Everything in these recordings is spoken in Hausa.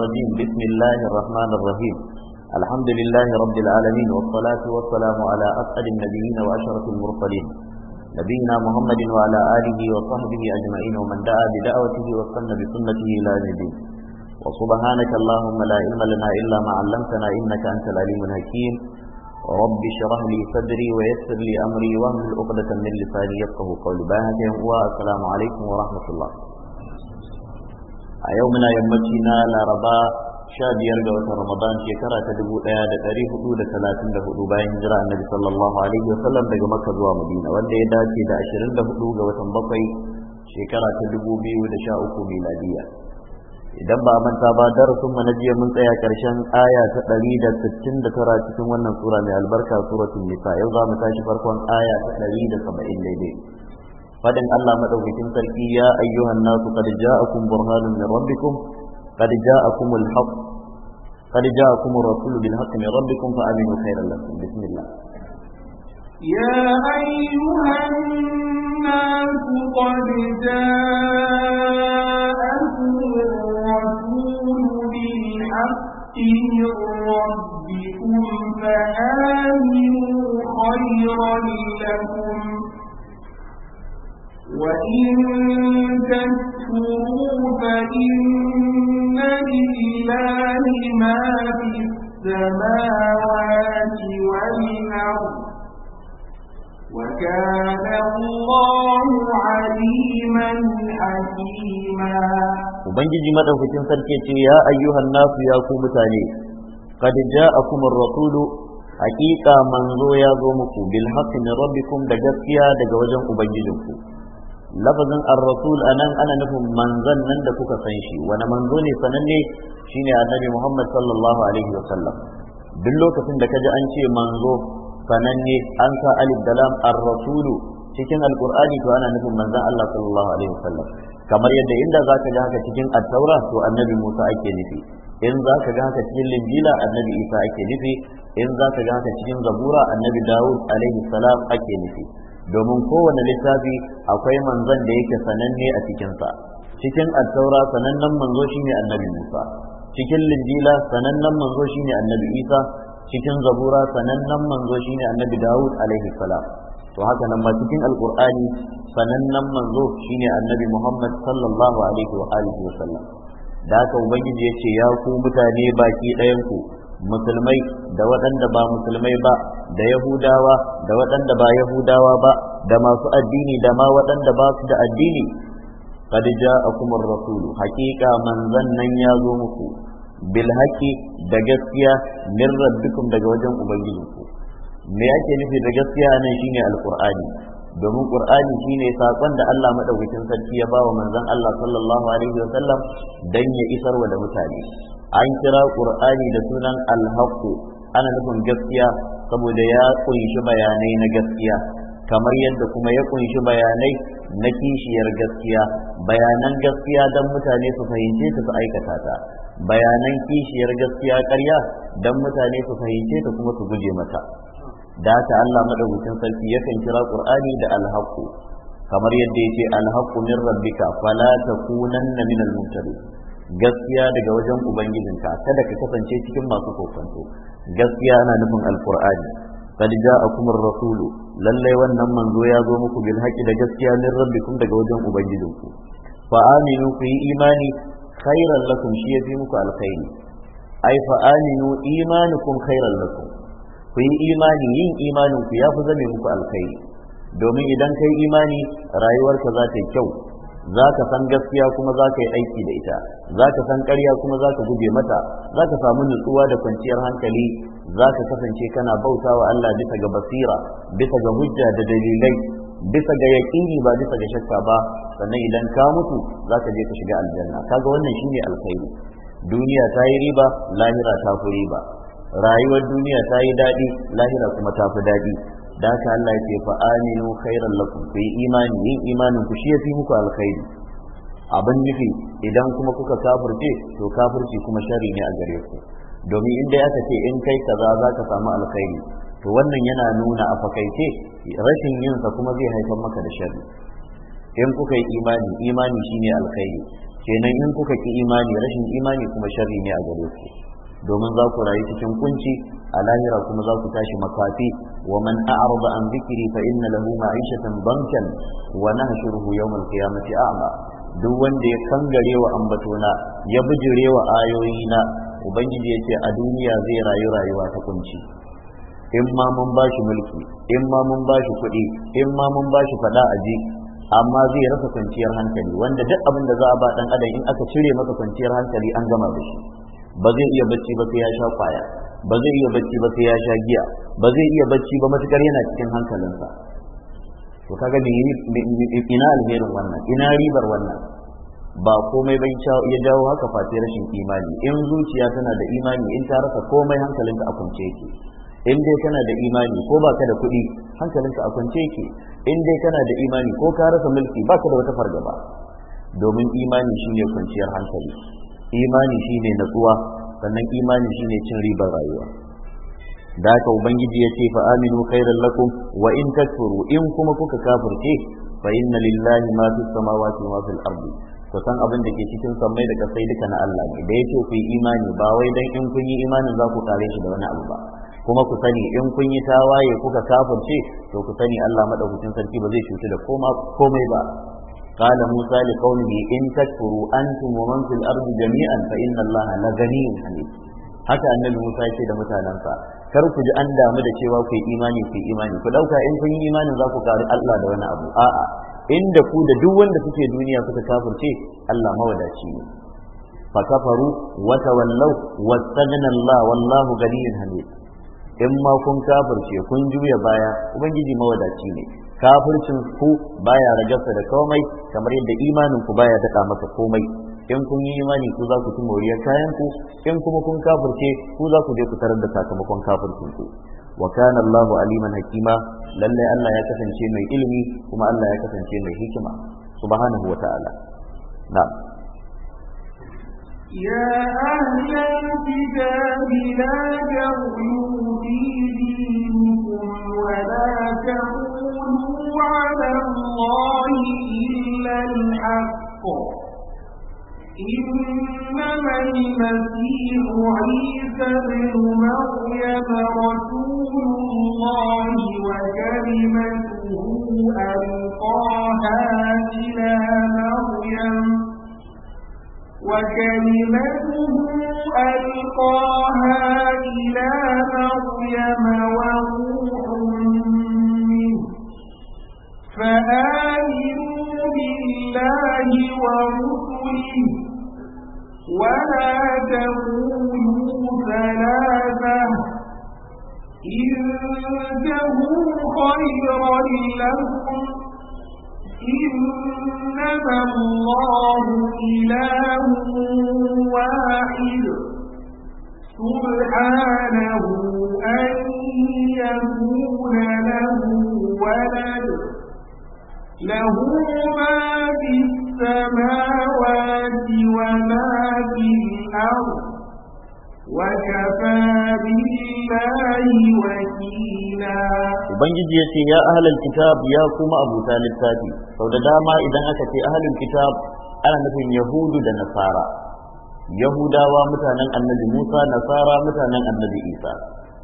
الرجيم بسم الله الرحمن الرحيم الحمد لله رب العالمين والصلاة والسلام على أسعد النبيين وأشرف المرسلين نبينا محمد وعلى آله وصحبه أجمعين ومن دعا بدعوته واستنى بسنته إلى الدين وسبحانك اللهم لا علم لنا إلا ما علمتنا إنك أنت العليم الحكيم رب اشرح لي صدري ويسر لي أمري واهل عقدة من لساني يفقه قولي باهته والسلام عليكم ورحمة الله a yau muna yammaci na laraba sha biyar ga watan ramadan shekara ta dubu ɗaya da dari hudu da talatin da hudu bayan hijira annabi sallallahu alaihi wasallam daga makka zuwa madina wanda ya dace da ashirin da hudu ga watan bakwai shekara ta dubu biyu da sha uku miladiya idan ba manta ba darasin mu na jiya mun tsaya karshen aya ta ɗari da sittin da tara cikin wannan sura mai albarka suratul nisa yau za mu tashi farkon aya ta ɗari da saba'in daidai fadin Allah madaukakin sarki ya ayyuhan nasu qad ja'akum burhanun min rabbikum qad ja'akum al-haq qad ja'akum ar-rasul bil haqq min rabbikum fa aminu khayran lakum bismillah ya ayyuhan nasu qad ja'akum ar-rasul bil haqq min rabbikum fa aminu khayran lakum وإن تكفروا فإن لله ما في السماوات والأرض وكان الله عليما حكيما Ubangiji maɗaukacin sarki ce ya ayyuhan nasu ya ku mutane ja a kuma rasulu hakika manzo ya zo muku bil na min rabbikum da gaskiya daga wajen ubangijinku lafazin ar-rasul anan ana nufin manzon nan da kuka san shi wani manzo ne sananne shine annabi Muhammad sallallahu alaihi wa sallam duk lokacin da kaji an ce manzo sananne an sa alif da lam ar-rasulu cikin alqur'ani to ana nufin manzon Allah sallallahu alaihi wa sallam kamar yadda inda zaka ga haka cikin at-taura to annabi Musa ake nufi in zaka ga haka cikin linjila annabi Isa ake nufi in zaka ga haka cikin zabura annabi Dawud alaihi salam ake nufi domin kowane littafi akwai manzon da yake sananne a cikinsa cikin attaura sanannen manzo shine annabi Musa cikin linjila sanannen manzo shine annabi Isa cikin zabura sanannen manzo shine annabi Dawud alaihi salam to haka nan ma cikin alqur'ani sanannen manzo shine annabi Muhammad sallallahu alaihi wa alihi wa sallam da haka ubangiji yace ya ku mutane baki ɗayan ku musulmai da waɗanda ba musulmai ba da yahudawa da waɗanda ba yahudawa ba da masu addini da ma waɗanda ba su da addini qad ja'akum ar-rasul haqiqa manzan nan ya zo muku bil haqi da gaskiya min rabbikum daga wajen ubangijinku me ake nufi da gaskiya nan shine alqur'ani domin qur'ani shine sakon da Allah madaukakin sarki ya bawa manzon Allah sallallahu alaihi wasallam dan ya isarwa da mutane an kira qur'ani da sunan al-haqq ana nufin gaskiya saboda ya kunshi bayanai na gaskiya kamar yadda kuma ya kunshi bayanai na kishiyar gaskiya bayanan gaskiya don mutane su fahimce ta su aikata ta bayanan kishiyar gaskiya karya don mutane su fahimce ta kuma su guje mata da ta Allah madaukakin sarki yakan kira Qur'ani da al-haqq kamar yadda yake al-haqq min rabbika fala takunanna minal mumtarin gaskiya daga wajen ubangijinka kada ka kasance cikin masu kokonto gaskiya ana nufin alqur'ani ja'akum ar-rasul lalle wannan manzo ya zo muku bil haqi da gaskiya min rabbikum daga wajen ubangijinku fa aminu ku yi imani khairan lakum shi yafi muku alkhairi ai fa aminu imanukum khairan lakum ku yi imani yin imanin ku yafi zame muku alkhairi domin idan kai imani rayuwarka za ta yi kyau za ka san gaskiya kuma za ka yi aiki da ita za ka san ƙarya kuma za ka guje mata za ka samu nutsuwa da kwanciyar hankali za ka kasance kana bauta wa Allah bisa ga basira bisa ga hujja da dalilai bisa ga yaƙini ba bisa ga shakka ba sannan idan ka mutu za ka je ka shiga aljanna kaga wannan shine alkhairi duniya ta yi riba lahira ta fi riba rayuwar duniya ta yi daɗi lahira kuma ta fi daɗi da ka Allah ya ce fa aminu khairan lakum ku imani yin imanin ku shi fi muku alkhairi abin nufi idan kuma kuka kafirce to kafirci kuma shari ne a gare ku domin inda aka ce in kai kaza za ka samu alkhairi to wannan yana nuna a fakaice rashin yinsa kuma zai haifar maka da shari in kuka yi imani imani shine alkhairi kenan in kuka ki imani rashin imani kuma shari ne a gare ku domin za ku rayu cikin kunci a lahira kuma za ku tashi makafi wa man a'rada an zikri fa inna lahu ma'ishatan bankan wa nahshuruhu al qiyamati a'ma duk wanda ya kangare wa ambatona ya bijire wa ayoyina ubangiji ya ce a duniya zai rayu rayuwa ta kunci in ma mun ba shi mulki in ma mun ba shi kuɗi in ma mun ba shi faɗa aji amma zai rasa kwanciyar hankali wanda duk abin da za a ba ɗan adam in aka cire masa kwanciyar hankali an gama da shi ba zai iya bacci ba sai ya sha kwaya ba zai iya bacci ba sai ya sha giya ba zai iya bacci ba matukar yana cikin hankalinsa to kaga ina alherin wannan ina ribar wannan ba komai bai ya dawo haka face rashin imani in zuciya tana da imani in ta rasa komai hankalinka a kunce yake in dai kana da imani ko baka da kuɗi hankalinka a kwance yake in dai kana da imani ko ka rasa mulki baka da wata fargaba domin imani shine kwanciyar hankali imani shine natsuwa sannan imani shine cin ribar rayuwa da haka ubangiji ya ce fa aminu khairan lakum wa in takfuru in kuma kuka kafirce fa inna lillahi ma fi samawati wa ma fil ardi to san abin da ke cikin samai da kasai duka na Allah ne da ce ku yi imani ba wai dan in kun yi imanin za ku kare shi da wani abu ba kuma ku sani in kun yi tawaye kuka kafirce to ku sani Allah madaukakin sarki ba zai cutu da komai ba قال موسى لقومه إن تكفروا أنتم ومن في الأرض جميعا فإن الله لغني حميد haka annabi Musa ya ce da mutanensa kar ku ji an damu da cewa ku yi imani ku imani ku dauka in kun yi imanin za ku kari Allah da wani abu a'a inda ku da duk wanda suke duniya suka kafirce Allah mawadaci ne fa kafaru wa tawallaw wastaghna Allah wallahu ganiyyun hamid in ma kun kafirce kun juya baya ubangiji mawadaci ne kafircin ku baya ragarsa da komai kamar yadda imanin ku baya daɗa masa komai in kun yi imani ku za ku ci moriyar kayan ku in kuma kun kafirce ku za ku je ku tarar da sakamakon kafircin ku wa kana Allahu aliman hakima lalle Allah ya kasance mai ilimi kuma Allah ya kasance mai hikima subhanahu wata'ala na'am يا أهل الكتاب لا تغلوا في دينكم ولا تغلوا على الله إلا الحق إنما المسيح عيسى بن مريم رسول الله وكلمته ألقاها إلى مريم وكلمته ألقاها إلى مريم وروح فآمنوا بالله ورسله ولا تقولوا ثلاثة إنتهوا خير لكم إنما الله إله واحد سبحانه أن يكون له ولد له ما في السماوات وما في الأرض وكفى بالله وكيلا Ubangiji ya ce ya ahalar kitab ya kuma abuta littafi sau da dama idan aka ce ahalar kitab ana nufin yahudu da nasara yahudawa mutanen annabi musa nasara mutanen annabi isa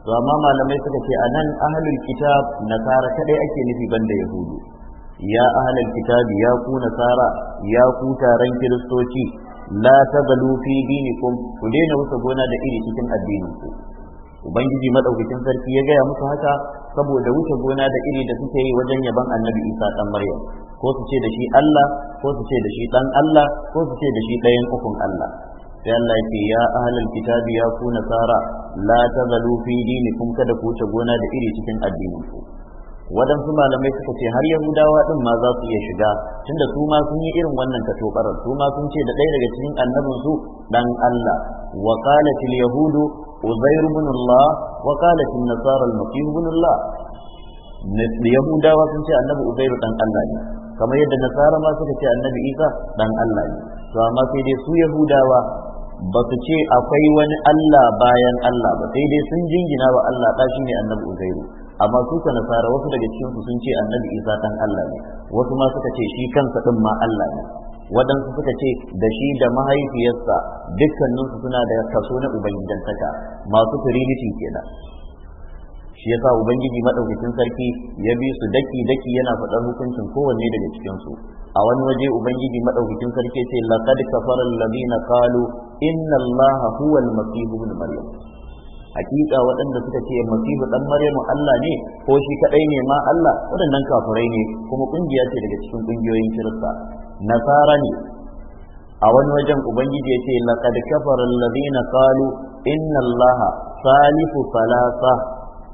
to amma malamai suka ce a nan ahalul kitab nasara kadai ake nufi banda yahudu ya ahlal kitabi ya kuna nasara ya ku taron kiristoci la tagalu fi dinikum ku daina wuce gona da iri cikin addinin ubangiji madaukakin sarki ya gaya musu haka saboda wuce gona da iri da suke yi wajen yaban annabi isa dan maryam ko su ce da shi allah ko su ce da shi dan allah ko su ce da shi ɗayan ukun allah sai ya ce kitabi ya kuna nasara la tagalu fi dinikum kada ku wuce gona da iri cikin addinin ku waɗansu malamai suka ce har yahudawa ɗin ma za su iya shiga tunda su ma sun yi irin wannan katobarar su ma sun ce da ɗaya daga cikin annabinsu ɗan Allah wa qalatil yahudu uzair bin Allah wa qalatil nasara al-masih ibn Allah yahudawa sun ce annabi uzairu ɗan Allah ne kamar yadda nasara ma suka ce annabi isa ɗan Allah ne to amma sai dai su yahudawa ba su ce akwai wani Allah bayan Allah ba sai dai sun jingina wa Allah ɗa ne annabi uzairu amma su ka nasara wasu daga cikin su sun ce annabi isa dan Allah ne wasu ma suka ce shi kansa din ma Allah ne waɗansu suka ce da shi da mahaifiyarsa dukkaninsu suna da kaso na ubangijantaka masu trinity kenan shi yasa ubangiji madaukakin sarki ya bi su daki daki yana faɗar hukuncin kowanne daga cikin su a wani waje ubangiji madaukakin sarki sai laqad kafara alladhina qalu inna allaha huwa al-masih ibn maryam hakika waɗanda suka ce masihu ɗan maryamu Allah ne ko shi kaɗai ne ma Allah waɗannan kafirai ne kuma ƙungiya ce daga cikin ƙungiyoyin kirista nasara ne a wani wajen ubangiji ya ce laqad kafara alladhina qalu inna allaha salifu salasa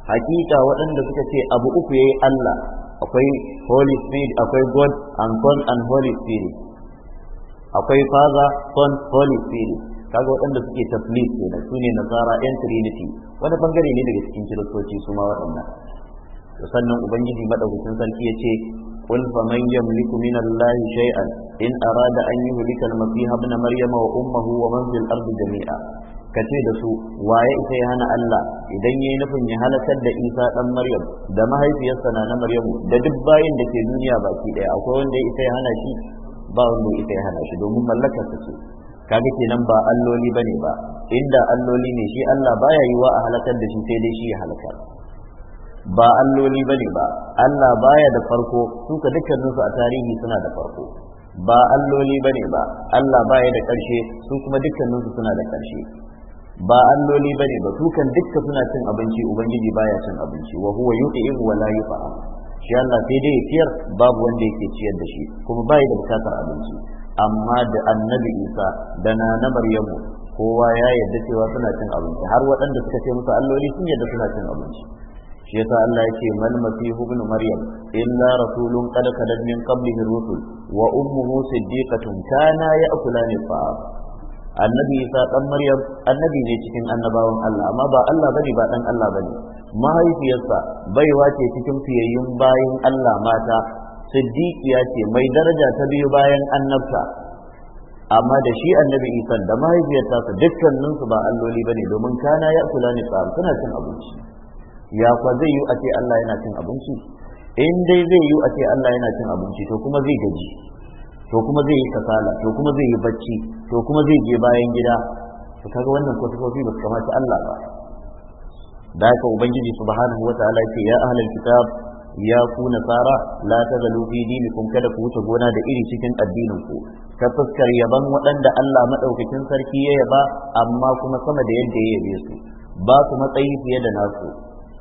hakika waɗanda suka ce abu uku yayi Allah akwai holy spirit akwai god and God and holy spirit akwai father son holy spirit kaga waɗanda suke taslis kenan su ne nasara yan trinity wani bangare ne daga cikin kiristoci su ma waɗannan to sannan ubangiji madaukakin sarki ya ce قل فمن in من الله an yi أراد أن يهلك المسيح ابن wa وأمه ومن في الأرض Ka kace da su waye ita ya hana Allah idan yayi nufin ya halakar da Isa dan Maryam da mahaifiyarsa na Maryam da duk bayin da ke duniya baki daya akwai wanda ita ya hana shi ba wanda ita ya hana shi domin ta ce kaga kenan ba alloli bane ba inda alloli ne shi Allah baya yiwa a halakar da shi sai dai shi ya halakar ba alloli bane ba Allah baya da farko su ka dukkanin su a tarihi suna da farko ba alloli bane ba Allah baya da karshe su kuma dukkanin su suna da karshe ba alloli bane ba su kan dukka suna cin abinci ubangiji baya cin abinci wa huwa yuti'u wa la yut'am shi Allah sai dai ya ciyar babu wanda yake ciyar da shi kuma bai da bukatar abinci amma da annabi isa da na na maryamu kowa ya yarda cewa suna cin abinci har waɗanda suka ce musu alloli sun yadda suna cin abinci shi yasa Allah yake mal masihu ibn maryam illa rasulun qad kadad min qablihi rusul wa ummuhu siddiqatun kana ya'kulani fa. annabi isa dan maryam annabi ne cikin annabawan Allah amma ba Allah bane ba dan Allah bane mahaifiyarsa baiwa ce cikin fiyayyun bayin Allah mata siddiqiya ce mai daraja ta biyu bayan annabta amma da shi annabi isa da mahaifiyarsa su dukkanin su ba alloli bane domin kana ya kula ni tsam suna cin abinci ya kwa zai yi a ce Allah yana cin abinci in dai zai yi a ce Allah yana cin abinci to kuma zai gaji to kuma zai yi kasala to kuma zai yi bacci to kuma zai je bayan gida to kaga wannan kwatafofi ba su kamata Allah ba da haka ubangiji subhanahu wataala yake ya ahlul kitab ya ku nasara la tazalu fi dinikum kada ku wuce gona da iri cikin addinin ku ta fuskar yaban waɗanda Allah madaukakin sarki ya yaba amma kuma sama da yadda ya yabe su ba su matsayi fiye da nasu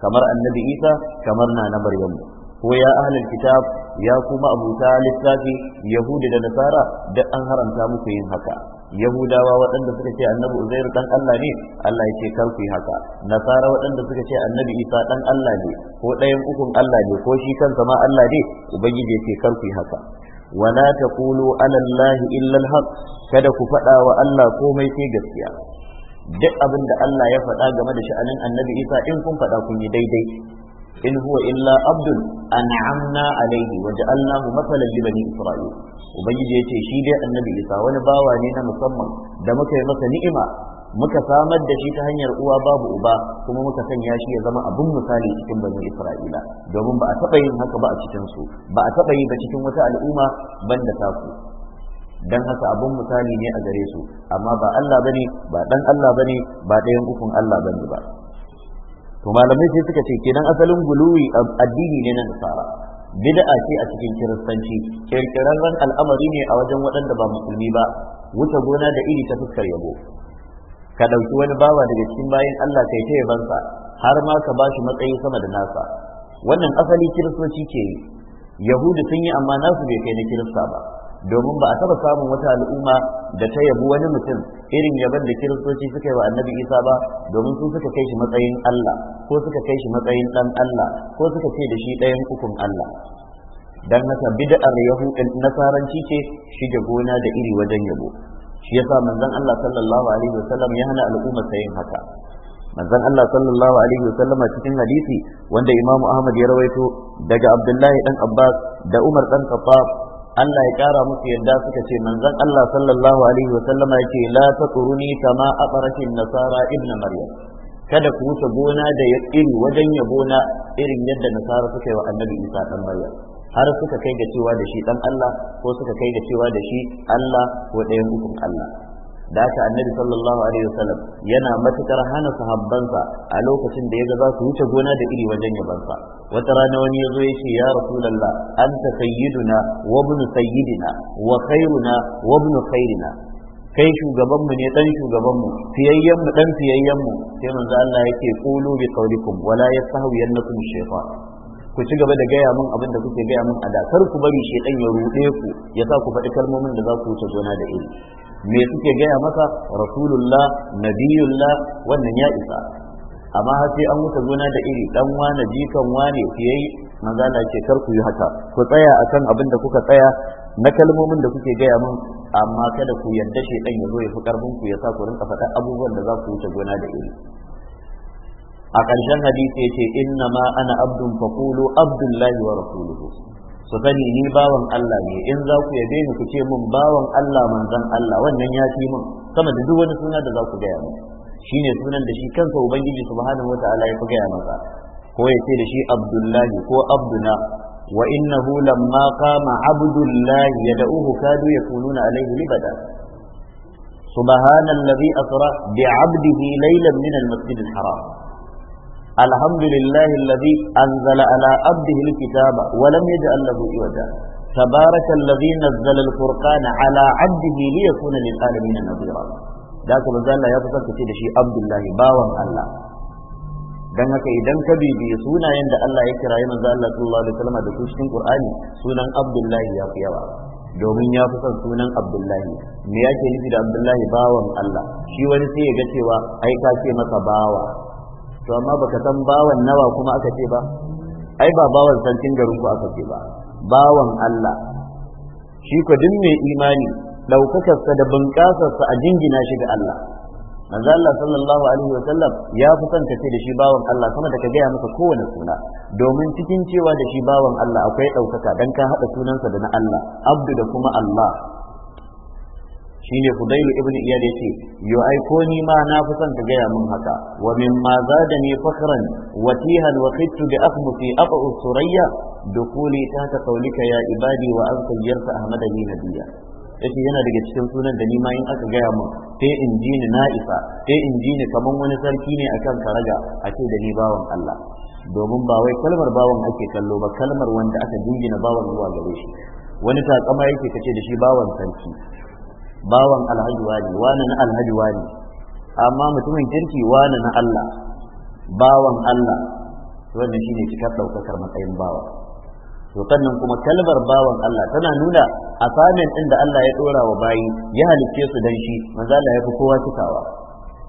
kamar annabi Isa kamar na na Maryamu ko ya ahlul kitab ya kuma abuta littafi yahudi da nasara da an haramta muku yin haka yahudawa waɗanda suka ce annabi uzairu dan Allah ne Allah ya ce kar ku yi haka nasara waɗanda suka ce annabi isa dan Allah ne ko ɗayan ukun Allah ne ko shi kansa ma Allah ne ubangiji ya ce kar ku yi haka wala taqulu ala allahi illa alhaq kada ku faɗa wa Allah komai sai gaskiya duk abin da Allah ya faɗa game da sha'anin annabi isa in kun faɗa kun yi daidai in huwa illa abdul an'amna alaihi wa ja'alnahu mathalan li bani isra'il ubangiji yace shi dai annabi isa wani bawa ne na musamman da muka yi masa ni'ima muka samar da shi ta hanyar uwa babu uba kuma muka sanya shi ya zama abun misali cikin bani isra'ila domin ba a taɓa yin haka ba a cikin su ba a taɓa yi ba cikin wata al'umma banda taku dan haka abun misali ne a gare su amma ba Allah bane ba dan Allah bane ba ɗayan ukun Allah bane ba to malamai sai suka ce kenan asalin guluwi addini ne na nasara bid'a ce a cikin kiristanci kirkirarren al'amari ne a wajen waɗanda ba musulmi ba wuce gona da iri ta fuskar yabo ka ɗauki wani bawa daga cikin bayan Allah kai ta yabansa har ma ka bashi matsayi sama da nasa wannan asali kiristoci ke yi yahudu sun yi amma nasu bai kai na kirista ba domin ba a taba samun wata al'umma da ta yabu wani mutum irin yaban da kiristoci suka yi wa annabi isa ba domin su suka kai shi matsayin allah ko suka kai shi matsayin dan allah ko suka ce da shi ɗayan ukun allah dan haka bid'ar yahudin eh, nasaranci ce shige gona da iri wajen yabo shi yasa manzon allah sallallahu alaihi wasallam ya hana al'umma sayin haka manzon Allah sallallahu alaihi a cikin hadisi wanda Imamu Ahmad ya rawaito daga Abdullahi dan Abbas da Umar dan Khattab Allah ya ƙara musu yadda suka ce manzon Allah sallallahu alaihi wa sallama yake la taquruni kama aqaratin nasara ibn maryam kada ku wuce gona da iri wajen yabo na irin yadda nasara suka yi wa annabi isa dan maryam har suka kai ga cewa da shi dan Allah ko suka kai ga cewa da shi Allah ko ɗayan ukun Allah da haka annabi sallallahu alaihi wasallam yana matukar hana sahabbansa a lokacin da yaga za su wuce gona da iri wajen yabansa wata rana wani yazo ya ce ya rasulullah anta sayyiduna wa ibn sayyidina wa khairuna wa ibn khairina kai shugaban mu ne dan shugaban mu fiyayyen mu dan fiyayyen mu sai manzo Allah yake qulu bi qawlikum wala yastahwiyannakum shaytan ku ci gaba da gaya min abin da kuke gaya min a da kar ku bari shedan ya ruɗe ku ya sa ku faɗi kalmomin da za ku wuce gona da iri me suke gaya maka rasulullah nabiyullah wannan ya isa amma har sai an wuce gona da iri dan wane jikan wane ku yayi magana ce kar ku yi haka ku tsaya akan abin da kuka tsaya na kalmomin da kuke gaya min amma kada ku yarda shedan ya zo ya fi karfin ku ya sa ku rinka faɗa abubuwan da za ku wuce gona da iri a ƙarshen hadisi ya ce inna ma ana abdun fakulu abdullahi wa rasuluhu su sani ni bawan Allah ne in za ku yabe ni ku ce mun bawan Allah manzon Allah wannan ya fi mun sama da duk wani suna da za ku gaya mun ne sunan da shi kansa ubangiji subhanahu wataala ya fi gaya masa ko ya ce da shi abdullahi ko abduna wa innahu lamma qama abdullahi yad'uhu kadu yakununa alayhi libada subhana alladhi asra bi 'abdihi laylan min al-masjid al-haram الحمد لله الذي أنزل على عبده الكتاب ولم يجعل له عوجا تبارك الذي نزل الفرقان على عبده ليكون للعالمين نذيرا ذاك بزال ya kusan kace da shi Abdullahi bawan Allah dan haka idan ka bibiye sunayen da Allah ya kirayi manzo Allah sallallahu alaihi wasallam da su cikin Qur'ani sunan Abdullahi ya fi yawa domin ya fi son sunan Abdullahi me yake nufi da Abdullahi bawan Allah shi wani sai ya ga cewa ai ka ce masa bawa to amma baka san bawan nawa kuma aka ce ba ai ba bawan sarkin garin ku aka ce ba bawan Allah shi ko duk mai imani daukakarsa da bunƙasarsa a jingina shi ga Allah manzo Allah sallallahu alaihi wa sallam ya fi son ce da shi bawan Allah sama da ka gaya masa kowane suna domin cikin cewa da shi bawan Allah akwai ɗaukaka dan ka haɗa sunansa da na Allah abdu da kuma Allah shine Huda'ilu ibn Iyad yace yo ai ko ni ma na fi son ka gaya min haka wa mimma ni fakhran wa tihan wa khittu bi akhmu fi aqa'u surayya dukuli ta qawlika ya ibadi wa an sayyarta ahmada ni nabiyya yace yana daga cikin sunan da ni ma in aka gaya min sai in ji ni na sai in ji ni kaman wani sarki ne akan karaga a ce da ni bawan Allah domin ba wai kalmar bawan ake kallo ba kalmar wanda aka jingina bawan zuwa gare shi wani takama yake kace da shi bawan sarki bawan alhaji wani wani na alhaji wani amma mutumin kirki wani na Allah bawan Allah wannan shine cikar daukakar matsayin bawa to kannan kuma kalmar bawan Allah tana nuna asamin din da Allah ya dora wa bayi ya halicce su dan shi manzo Allah ya fi kowa cikawa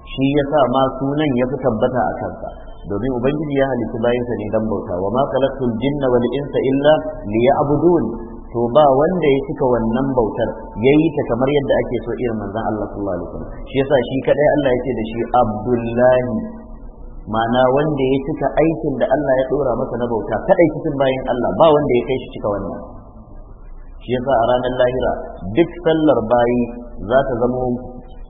shi yasa ma sunan ya fi tabbata a kansa domin ubangiji ya halitta bayansa ne dan bauta wa ma khalaqtul jinna wal insa illa liya'budun to ba wanda ya cika wannan bautar ya yi ta kamar yadda ake so irin manzon Allah sallallahu alaihi wasallam shi yasa shi kadai Allah ce da shi Abdullahi ma'ana wanda ya cika aikin da Allah ya dora masa na bauta kadai cikin bayin Allah ba wanda ya kai shi cika wannan shi yasa a ranar lahira duk sallar bayi za ta zamo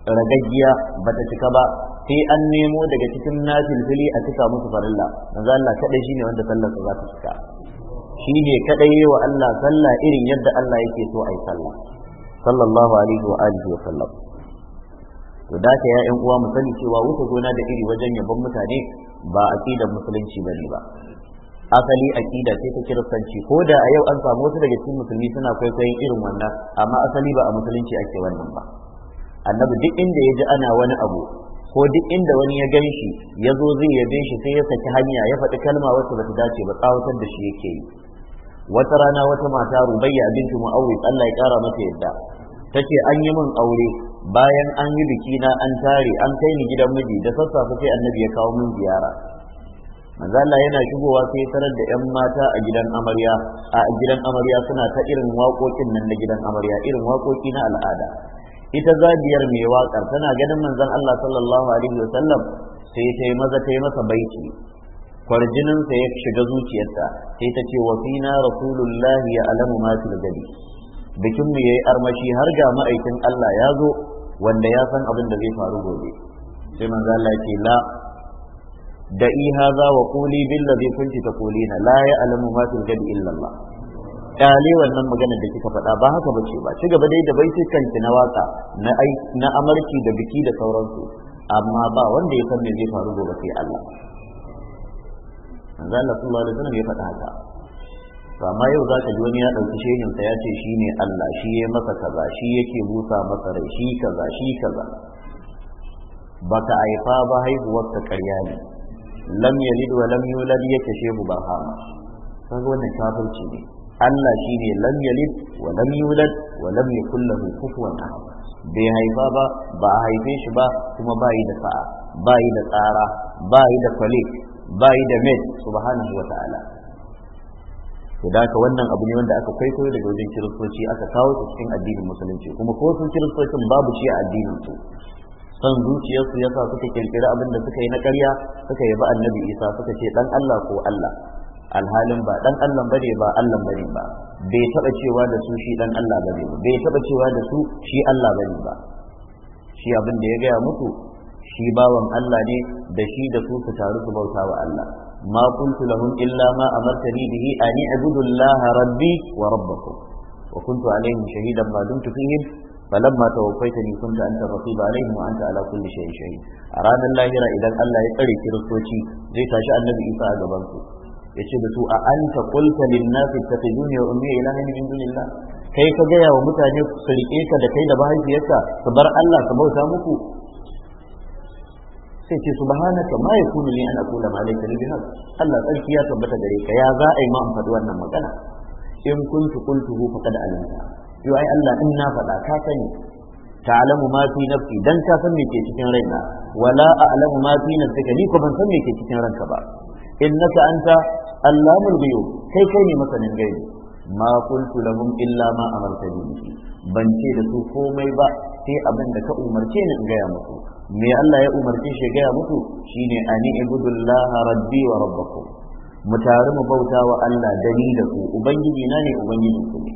ragaggiya bata cika ba sai an nemo daga cikin nafil fili a cika musu farilla manzo Allah kadai shine wanda sallar za ta cika shi ne kadai wa Allah sallah irin yadda Allah yake so a yi sallah sallallahu alaihi wa alihi wa sallam to da ka uwa mu sani cewa wuce gona da iri wajen yabon mutane ba aqidar musulunci bane ba asali aqida ce ta kiristanci ko da a yau an samu wasu daga cikin musulmi suna kwaikwayon irin wannan amma asali ba a musulunci ake wannan ba annabi duk inda ya ji ana wani abu ko duk inda wani ya gan shi ya zo zai yabe shi sai ya saki hanya ya faɗi kalma wacce ba dace ba tsawatar da shi yake yi wata rana wata mata rubayya bintu mu'awwid Allah ya kara mata yadda tace an yi min aure bayan an yi biki na an tare an kai ni gidan miji da sassafe sai annabi ya kawo min ziyara manzo Allah yana shigowa sai tarar da yan mata a gidan amarya a gidan amarya suna ta irin waƙoƙin nan na gidan amarya irin waƙoƙi na al'ada ita zabiyar mai waƙar tana ganin manzon Allah sallallahu alaihi wasallam sai ta yi maza ta yi masa baiti kwarjininsa ya shiga zuciyarta, sai ta ce wa fina rasulullah ya alamu ma fil gadi bikin mu yayi armashi har ga ma'aikin Allah ya zo wanda ya san abin da zai faru gobe sai manzo Allah ce la da i hadha wa quli bil ladhi kunti taqulina la ya alamu ma fil gadi illa Allah kyale wannan magana da kika faɗa ba haka bace ba ci gaba dai da baitukan ki na waka na na amarki da biki da sauransu amma ba wanda ya san me zai faru gobe sai Allah manzo Allah sallallahu alaihi wasallam ya faɗa haka to amma yau za ka ji wani ya ɗauki shehin sa ya ce shi ne Allah shi ya masa kaza shi yake busa masa rai shi kaza shi kaza baka haifa ba haihuwar ta ƙarya ne lam yalid wa lam yulad yake shehu ba hama kaga wannan kafirci ne Allah shi ne lam yalid wa lam yulad wa lam yakul lahu kufuwan ahad bai haifa ba ba a haife shi ba kuma ba yi da sa'a ba yi da tsara ba yi da kwale bayi da mai subhanahu wa ta'ala to da wannan abu ne wanda aka kai kwaikwayo daga wajen kiristoci aka kawo su cikin addinin musulunci kuma ko sun kiristocin babu shi a addinin su san zuciyarsu yasa suka kirkiri abin da suka yi na ƙarya suka yabi annabi isa suka ce dan allah ko allah alhalin ba dan allah bane ba allah bane ba bai taba cewa da su shi dan allah bane ba bai taba cewa da su shi allah bane ba shi abin da ya gaya musu shi bawan Allah ne da shi da su su taru su bauta wa Allah ma kuntu lahum illa ma amartani bihi an i'budu Allah rabbi wa rabbakum wa kuntu alaihim shahidan ma dumtu fihim falamma tawaffaytani kunta anta raqiba alaihim wa anta ala kulli shay'in shahid a ranar lahira idan Allah ya tsare kiristoci zai tashi annabi Isa a gaban su yace da su a anta qulta lin nasi tattajuni wa ummi ilahin min dunillah kai ka gaya wa mutane su rike ka da kai da mahaifiyarka su bar Allah su bauta muku sai ce subhanaka ma yakunu li an aqula ma laysa li bihaq Allah tsarki ya tabbata gare ka ya za a yi ma faɗi wannan magana in kuntu qultuhu faqad alimta yo ai Allah in na faɗa ka sani ta'lamu ma fi nafsi dan ka san me ke cikin raina wala a'lamu ma fi nafsika ni ko ban san me ke cikin ranka ba innaka anta allamul ghuyub kai kai ne masanin gaibi ma qultu lahum illa ma amartani ban ce da su komai ba sai abin da ka umarce ni in gaya musu me Allah ya umarce shi gaya muku shine ani ibudullaha rabbi wa rabbakum mu taru mu bauta wa Allah dani da ku ubangiji na ne ubangiji ku ne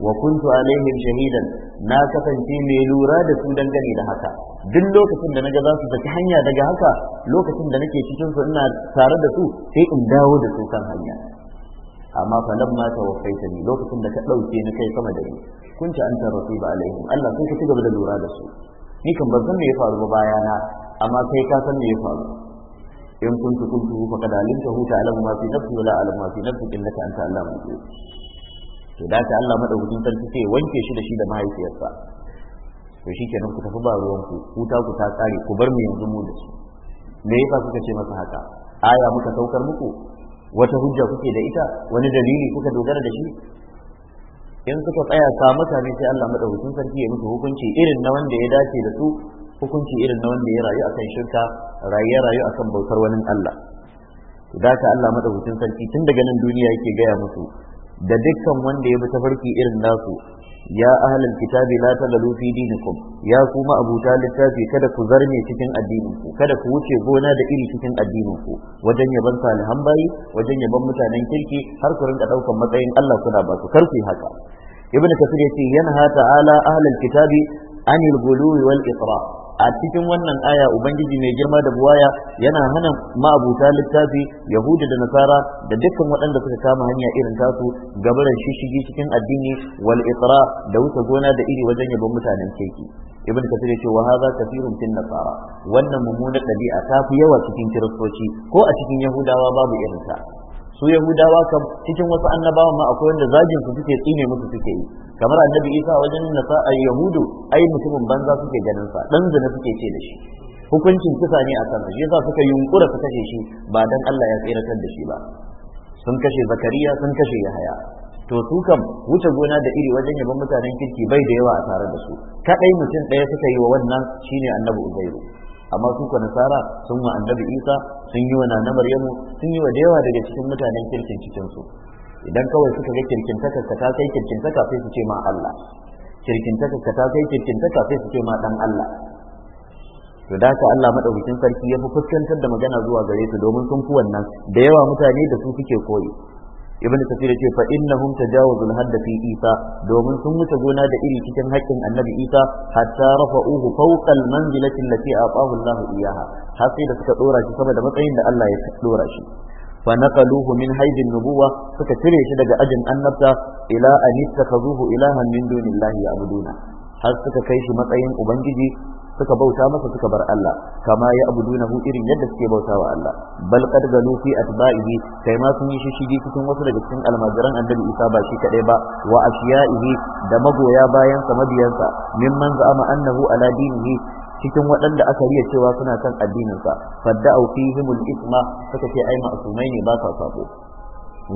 wa kuntu alaihim shahidan na kasance mai lura da su dangane da haka duk lokacin da naga za su tafi hanya daga haka lokacin da nake cikin su ina tare da su sai in dawo da su kan hanya amma fa lamma tawaffaita ni lokacin da ka dauke ni kai sama da ni kunta anta raqiba alaihim Allah sai ka ci gaba da lura da su ni kan ban san me ya faru ba bayana amma kai ka san me ya faru in faka dalin ta huta alam ma fi nafsi wala alam a'lamu ma fi nafsi innaka anta allamul ghuyub to da ta Allah madaukakin sarki sai wanke shi da shi da mahaifiyarsa to shikenan ku tafi ba ruwan ku huta ku ta tsare ku bar mu yanzu mu da su me yasa kuka ce masa haka aya muka saukar muku wata hujja kuke da ita wani dalili kuka dogara da shi in suka tsaya ka mutane sai Allah madaukakin sarki ya musu hukunci irin na wanda ya dace da su hukunci irin na wanda ya rayu akan shirka rayuwa rayu akan bautar wani Allah da ka Allah madaukakin sarki tun daga nan duniya yake gaya musu da dukkan wanda ya bi tafarki irin nasu ya ahlal kitabi la tagalu fi dinikum ya kuma abuta littafi kada ku zarne cikin addinin ku kada ku wuce gona da iri cikin addinin ku wajen yaban salihan bayi wajen yaban mutanen kirki har ku rinka daukan matsayin Allah kuna ba su karfi haka ibnu kasir yace yanha ta'ala ahlal kitabi anil ghuluwi wal isra' a cikin wannan aya ubangiji mai girma da buwaya yana hana ma'abuta littafi yahudu da nasara da dukkan waɗanda suka kama hanya irin tasu da shishigi cikin addini wal itra da wuce gona da iri wajen yabon mutanen keke ibn kasir ya ce wa hadha kathirun fil nasara wannan mummuna ɗabi'a ta fi yawa cikin kiristoci ko a cikin yahudawa babu irin ta su yahudawa cikin wasu annabawan ma akwai wanda zagin su suke tsine musu suke yi kamar annabi isa wajen nasa a yahudu ai mutumin banza suke ganin sa dan zina suke ce da shi hukuncin kisa ne a kansa shi yasa suka yunkura su kashe shi ba dan Allah ya tsiratar da shi ba sun kashe zakariya sun kashe yahaya to su kam wuce gona da iri wajen yaban mutanen kirki bai da yawa a tare da su kadai mutum ɗaya suka yi wa wannan shine annabi uzairu amma su ka nasara sun wa annabi isa sun yi wa nana maryamu sun yi wa da yawa daga cikin mutanen kirkin cikin su idan kawai suka ga kirkin taka ka ta kai kirkin taka sai su ce ma Allah kirkin taka ka ta kirkin taka sai su ce ma dan Allah to da ka Allah madaukakin sarki ya fi fuskantar da magana zuwa gare su domin sun fi wannan da yawa mutane da su suke koyi ibn kafir ce fa innahum tajawazul hadda fi isa domin sun wuce gona da iri cikin haƙƙin annabi isa hatta rafa'uhu fawqa al-manzilati allati ataahu Allah iyaha har sai da suka dora shi saboda matsayin da Allah ya dora shi fa naqaluhu min haydin nubuwa suka cire shi daga ajin annabta ila an ittakhazuhu ilahan min dunillahi ya'buduna har suka kai shi matsayin ubangiji suka bauta masa suka bar Allah kama ya hu irin yadda suke bauta wa Allah bal qad galu fi atba'ihi kai ma sun yi shishigi cikin wasu daga cikin almajiran annabi Isa ba shi kadai ba wa ashiya'ihi da magoya bayan sa mabiyansa mimman za'ama annahu ala dinihi cikin waɗanda aka riya cewa suna kan addininsa fadda'u fihimul isma suka ce ai ma'sumai ne ba sa sabo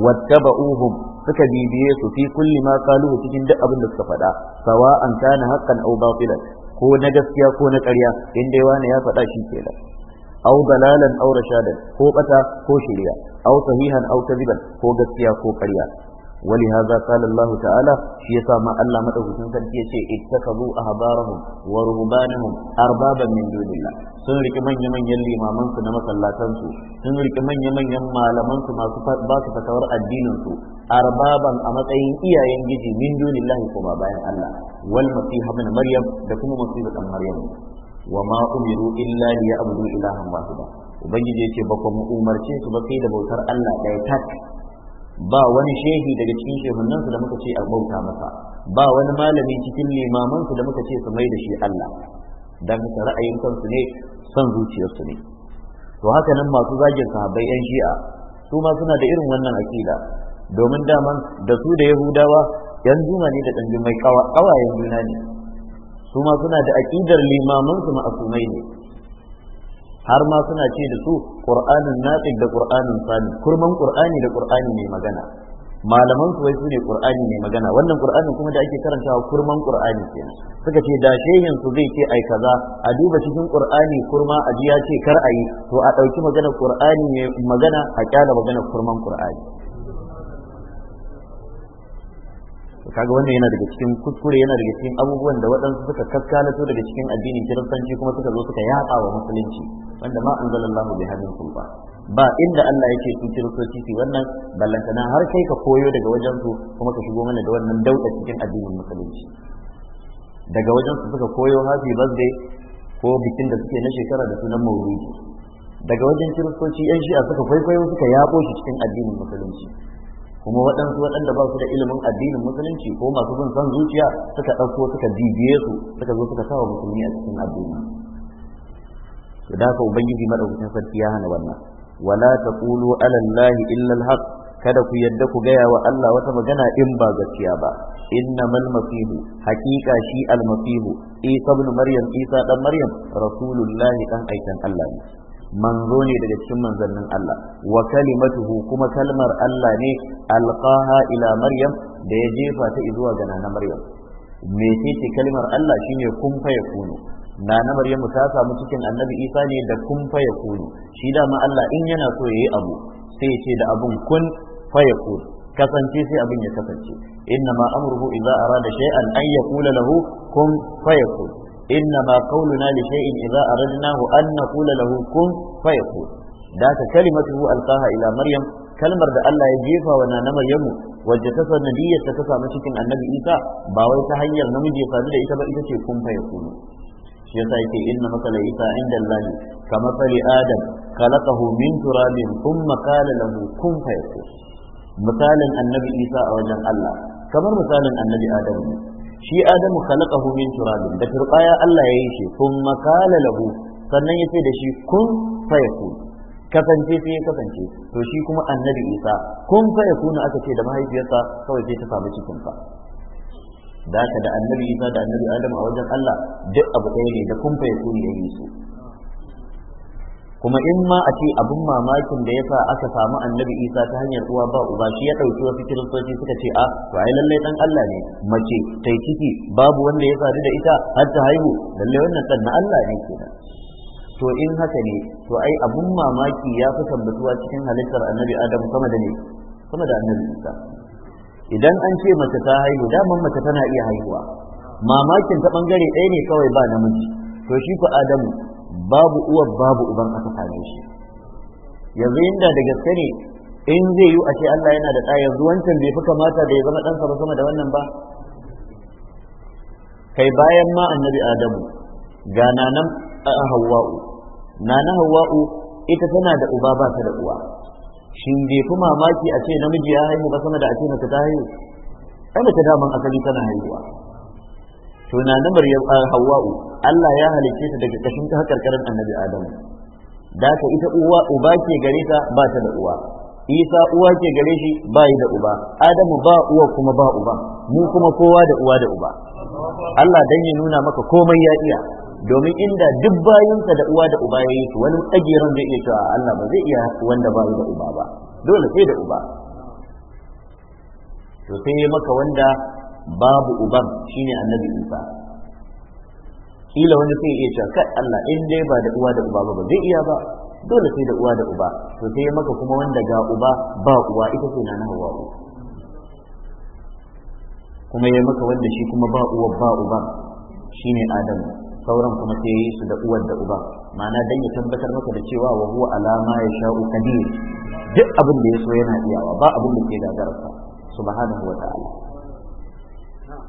wattaba'uhum suka bibiye su fi kulli ma qalu cikin duk abin da suka faɗa sawa'an kana haqqan aw batilan ko na gaskiya ko na ƙarya in dai wani ya faɗa shi ke da. au dalalan au rashadan ko ɓata ko shirya au sahihan au kadiban ko gaskiya ko ƙarya ولهذا قال الله تعالى في يسامى الله مدوكين سركي يشي اتخذوا أحبارهم ورهبانهم أربابا من دون الله sun riki manya-manyan limamansu na masallatansu sun riki manya-manyan malamansu masu ba su fatawar addininsu arbaban a matsayin iyayen giji min dunillahi kuma bayan Allah wal masiha min maryam da kuma masiha dan maryam wa ma umiru illa liya'budu ilahan wahida ubangiji yace ba kuma umarce su ba sai da bautar Allah ɗaya tak ba wani shehi daga cikin shehunan su da muka ce a bauta masa ba wani malami cikin limamansu su da muka ce su mai da shi Allah dan ka ra'ayin kansu ne son zuciyarsu ne to haka nan masu zagin sahabbai yan shi'a su ma suna da irin wannan akida domin daman da su da yahudawa yan juna ne da dan mai kawayen juna ne su ma suna da akidar limamansu su ma'asumai ne har ma suna ce da su qur'anin natiq da qur'anin sani kurman qur'ani da qur'ani mai magana malaman su wai su ne qur'ani mai magana wannan qur'anin kuma da ake karantawa kurman qur'ani kenan suka ce da shehin su zai ce ai kaza a duba cikin qur'ani kurma a ya ce kar a yi to a dauki magana qur'ani mai magana a kyala magana kurman qur'ani kaga wannan yana daga cikin kuskure yana daga cikin abubuwan da waɗansu suka kaskalato daga cikin addinin kiristanci kuma suka zo suka yaɓa wa musulunci wanda ma anzalallahu bi bihadin sultan ba inda Allah yake su kiristoci su wannan ballantana har kai ka koyo daga wajen su kuma ka shigo mana da wannan dauɗa cikin addinin musulunci daga wajen suka koyo happy birthday ko bikin da suke na shekara da sunan mauludi. daga wajen kiristoci yan shi'a suka kwaikwayo suka yaɓo shi cikin addinin musulunci kuma waɗansu waɗanda ba su da ilimin addinin musulunci ko masu bin son zuciya suka ɗauko suka bibiye su suka zo suka sawa musulmi a cikin addini to da haka ubangiji madaukakin sarki ya hana wannan wala taqulu ala allahi illa alhaq kada ku yadda ku gaya wa Allah wata magana in ba gaskiya ba innamal masihu haqiqa shi almasihu isa ibn maryam isa dan maryam rasulullahi dan aikan Allah ne manzo ne daga cikin manzannin Allah wa kalimatuhu kuma kalmar Allah ne alqaha ila maryam da ya jefa ta zuwa ga nana maryam me ce kalmar Allah shine kun faya yakunu nana maryam ta samu cikin annabi Isa ne da kun faya yakunu shi dama Allah in yana so yayi abu sai ya ce da abun kun faya yakunu kasance sai abin ya kasance inna ma amruhu idza arada shay'an an yaqula lahu kun fayakun إنما قولنا لشيء إذا أردناه أن نقول له كن فيكون ذات كلمته ألقاها إلى مريم kalmar da Allah ya jefa wa na Maryamu wacce ta sanadiyyar ta samu cikin Annabi Isa ba wai ta hanyar namiji ya sadu da ita ba ita ce kun fa yakunu shi yasa yake inna masala Isa inda Allah ka masali Adam khalaqahu min turabin thumma qala lahu kun fa yakun misalin Annabi Isa a wajen Allah kamar misalin Annabi Adam ne shi adamu khalaqahu min turabin da turbaya Allah ya yi shi kun makala lahu sannan yace da shi kun fayakun kasance sai ya kasance to shi kuma annabi isa kun fayakun aka ce da mahaifiyarsa kawai sai ta samu cikin fa. da ka da annabi isa da annabi adamu a wajen Allah duk abu ɗaya ne da kun fayakun ya yi su kuma in ma a ce abin mamakin da ya sa aka samu annabi isa ta hanyar uwa ba uba shi ya ɗauki wasu kiristoci suka ce a ah, to ai lallai dan allah ne mace ta ciki babu wanda ya sadu da ita har ta haihu lallai wannan ɗan na allah ne kenan to in haka ne to ai abin mamaki ya fi tabbatuwa cikin halittar annabi adam sama da ne sama da annabi isa idan an ce mace ta haihu daman mace tana iya haihuwa mamakin ta bangare ɗaya ne kawai ba namiji to shi ku adamu babu uwar babu uban aka same shi yanzu inda da gaske ne in zai yi a ce Allah yana da ɗaya yanzu wancan bai fi kamata da ya zama ɗansa ba sama da wannan ba kai bayan ma annabi adamu ga nanan hawa'u nana hawa'u ita tana da uba ba ta da uwa shin bai fi mamaki a ce namiji ya haihu ba sama da a ce mace ta haihu ta mace daman asali tana haihuwa suna na 'yar a hawa'u Allah ya halicce ta daga kashin ta karkarar annabi Adamu da ka ita uwa uba ke gare ta ba ta da uwa Isa uwa ke gare shi ba yi da uba Adamu ba uwa kuma ba uba mu kuma kowa da uwa da uba Allah dan ya nuna maka komai ya iya domin inda duk bayinsa da uwa da uba yayi su wani tsagiran zai iya cewa Allah ba zai iya wanda ba da uba ba dole sai da uba to sai maka wanda babu uban shine annabi isa kila wani sai iya cewa kai Allah in dai ba da uwa da uba ba zai iya ba dole sai da uwa da uba to sai maka kuma wanda ga uba ba uwa ita ce na hawa kuma ya maka wanda shi kuma ba uwa ba uba shine adam sauran kuma sai yi su da uwar da uba ma'ana dan ya tabbatar maka da cewa wa huwa alama ya sha'u kadir duk abin da ya so yana iyawa ba abin da ke gagararsa subhanahu wa ta'ala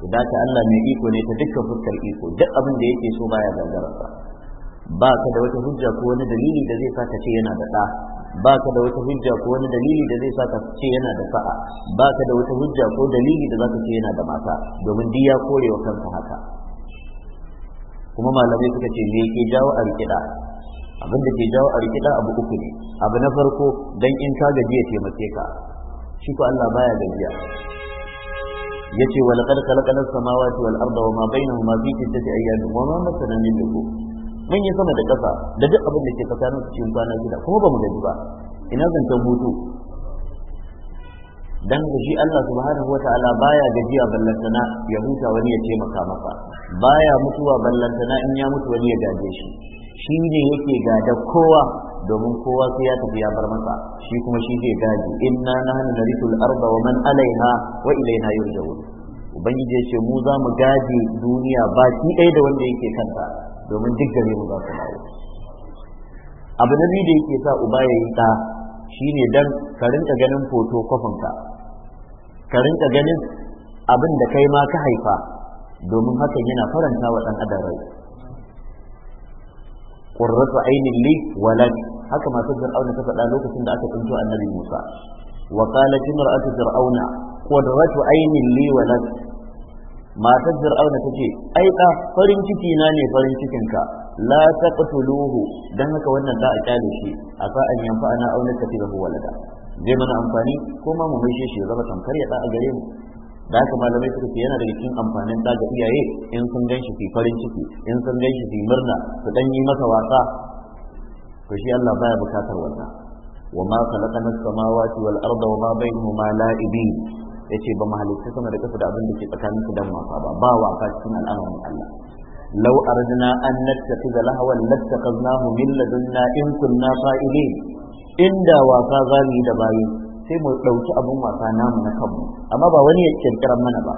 da ka Allah mai iko ne ta dukkan fuskar iko duk abin da yake so baya gangararsa ba ka da wata hujja ko wani dalili da zai saka ce yana da ɗa ba ka da wata hujja ko wani dalili da zai saka ce yana da sa'a ba ka da wata hujja ko dalili da zaka ce yana da mata domin diya ya kore wa kanka haka kuma malamai suka ce me yake jawo a rikida abin da ke jawo a rikida abu uku ne abu na farko dan in ka gajiya mace ka shi ko Allah baya gajiya yace wa laqad khalaqna as-samawati wal arda wa ma bainahuma fi sittati ayyamin wa ma massana min lughub mun yi sama da ƙasa da duk abin da ke tsakanin su cikin kwana gida kuma ba mu gaji ba ina zancen hutu dan da shi Allah subhanahu wataala baya gajiya ballantana ya huta wani ya taimaka masa baya mutuwa ballantana in ya mutu wani ya gaje shi shi ne yake gada kowa domin kowa sai ya tafi ya bar masa shi kuma shi zai gaji inna nahnu narithul arda wa man alaiha wa ilaina yurja'un ubangiji ya ce mu za mu gaji duniya ba shi ɗaya da wanda yake kanta domin duk gare mu za su dawo abu na biyu da yake sa uba ya yi ɗa shine dan ka rinka ganin foto kwafinka ka rinka ganin abin da kai ma ka haifa domin hakan yana faranta wa ɗan adam rai qurratu ainin li haka masu fir'auna ta faɗa lokacin da aka tsinto annabi musa wa qalat imra'atu fir'auna qurratu aynin li wa lak matar fir'auna tace ai da farin ciki na ne farin cikin ka la taqtuluhu dan haka wannan da a kyale shi a fa an yanfa ana auna katibahu walada zai mana amfani ko ma mu maishe shi zama tamkar ya da a gare mu da haka malamai suka ce yana daga cikin amfanin da ga iyaye in sun gan shi farin ciki in sun gan shi murna su dan yi masa wasa to shi Allah baya bukatar wannan wa ma khalaqana as-samawati wal arda wa ma bainahuma la'ibin yace ba mahalitta sama da kasa da abin da ke tsakanin su dan wasa ba ba wasa cikin al'amarin Allah law aradna an nattakhidha lahwan lattakhadnahu min ladunna in kunna qa'ilin inda wasa zamu yi da bayi sai mu dauki abin wasa namu na kanmu amma ba wani ya kirkiran mana ba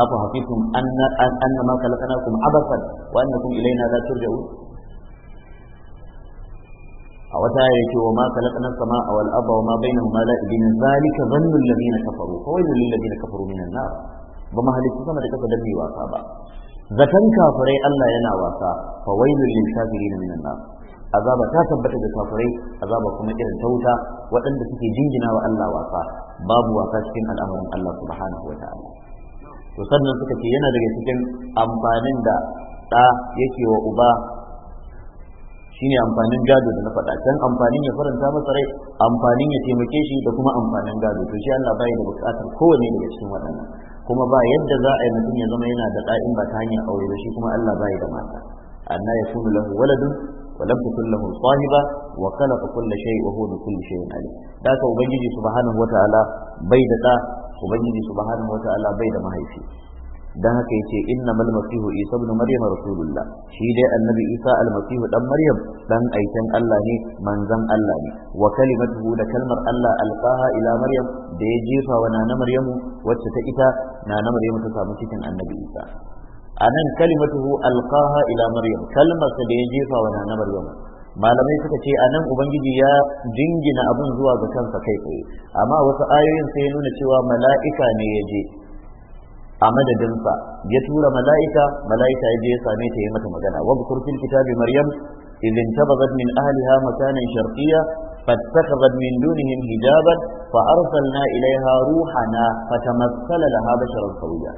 afa hafikum anna anna ma khalaqnakum abasan wa annakum ilayna la turja'un a wata ya ce wa ma khalaqna samaa wal arda wa ma bainahuma la'ibin zalika dhannu na kafaru kawai wailul lil na kafaru minan nar ba ma halitta sama da kasa dan mai wasa ba zaton kafirai Allah yana wasa fa wailul lil kafirin minan nar azaba ta tabbata da kafirai azaba kuma irin ta wuta waɗanda suke jingina wa Allah wasa babu wasa cikin al'amarin Allah subhanahu wa ta'ala to sannan suka ce yana daga cikin amfanin da ɗa yake wa uba shine amfanin gado da na faɗa can amfanin ya faranta masa rai amfanin ya taimake shi da kuma amfanin gado to shi Allah bai da buƙatar kowane daga cikin waɗannan kuma ba yadda za a yi mutum ya zama yana da ɗa'in ba ta hanyar aure ba shi kuma Allah bai da mata anna yakunu lahu waladun ولم تكن له صاحبة shayin كل شيء وهو بكل شيء عليم ذاك ubangiji subhanahu wataala bai da da ubangiji subhanahu wataala bai da mahaifi dan haka yace innamal masihu isa ibn maryam rasulullah shi dai annabi isa almasihu dan maryam dan aikin Allah ne manzon Allah ne wa kalimatuhu da kalmar Allah alqaha ila maryam da ya jefa wa nana maryamu wacce ta ita nana maryamu ta samu cikin annabi isa anan kalimatuhu alqaha ila maryam kalmar da ya jefa wa nana maryamu malamai suka ce anan ubangiji ya jingina abin zuwa ga kansa kai tsaye amma wasu ayoyin sai ya nuna cewa mala'ika ne ya je a madadinsa ya tura mala'ika mala'ika ya je ya same ta yi mata magana wa bukur kitabi maryam idan tabazat min ahliha makanan sharqiyya fattakhadhat min dunihim hijaban fa arsalna ilayha ruhana fatamassala laha basharan sawiya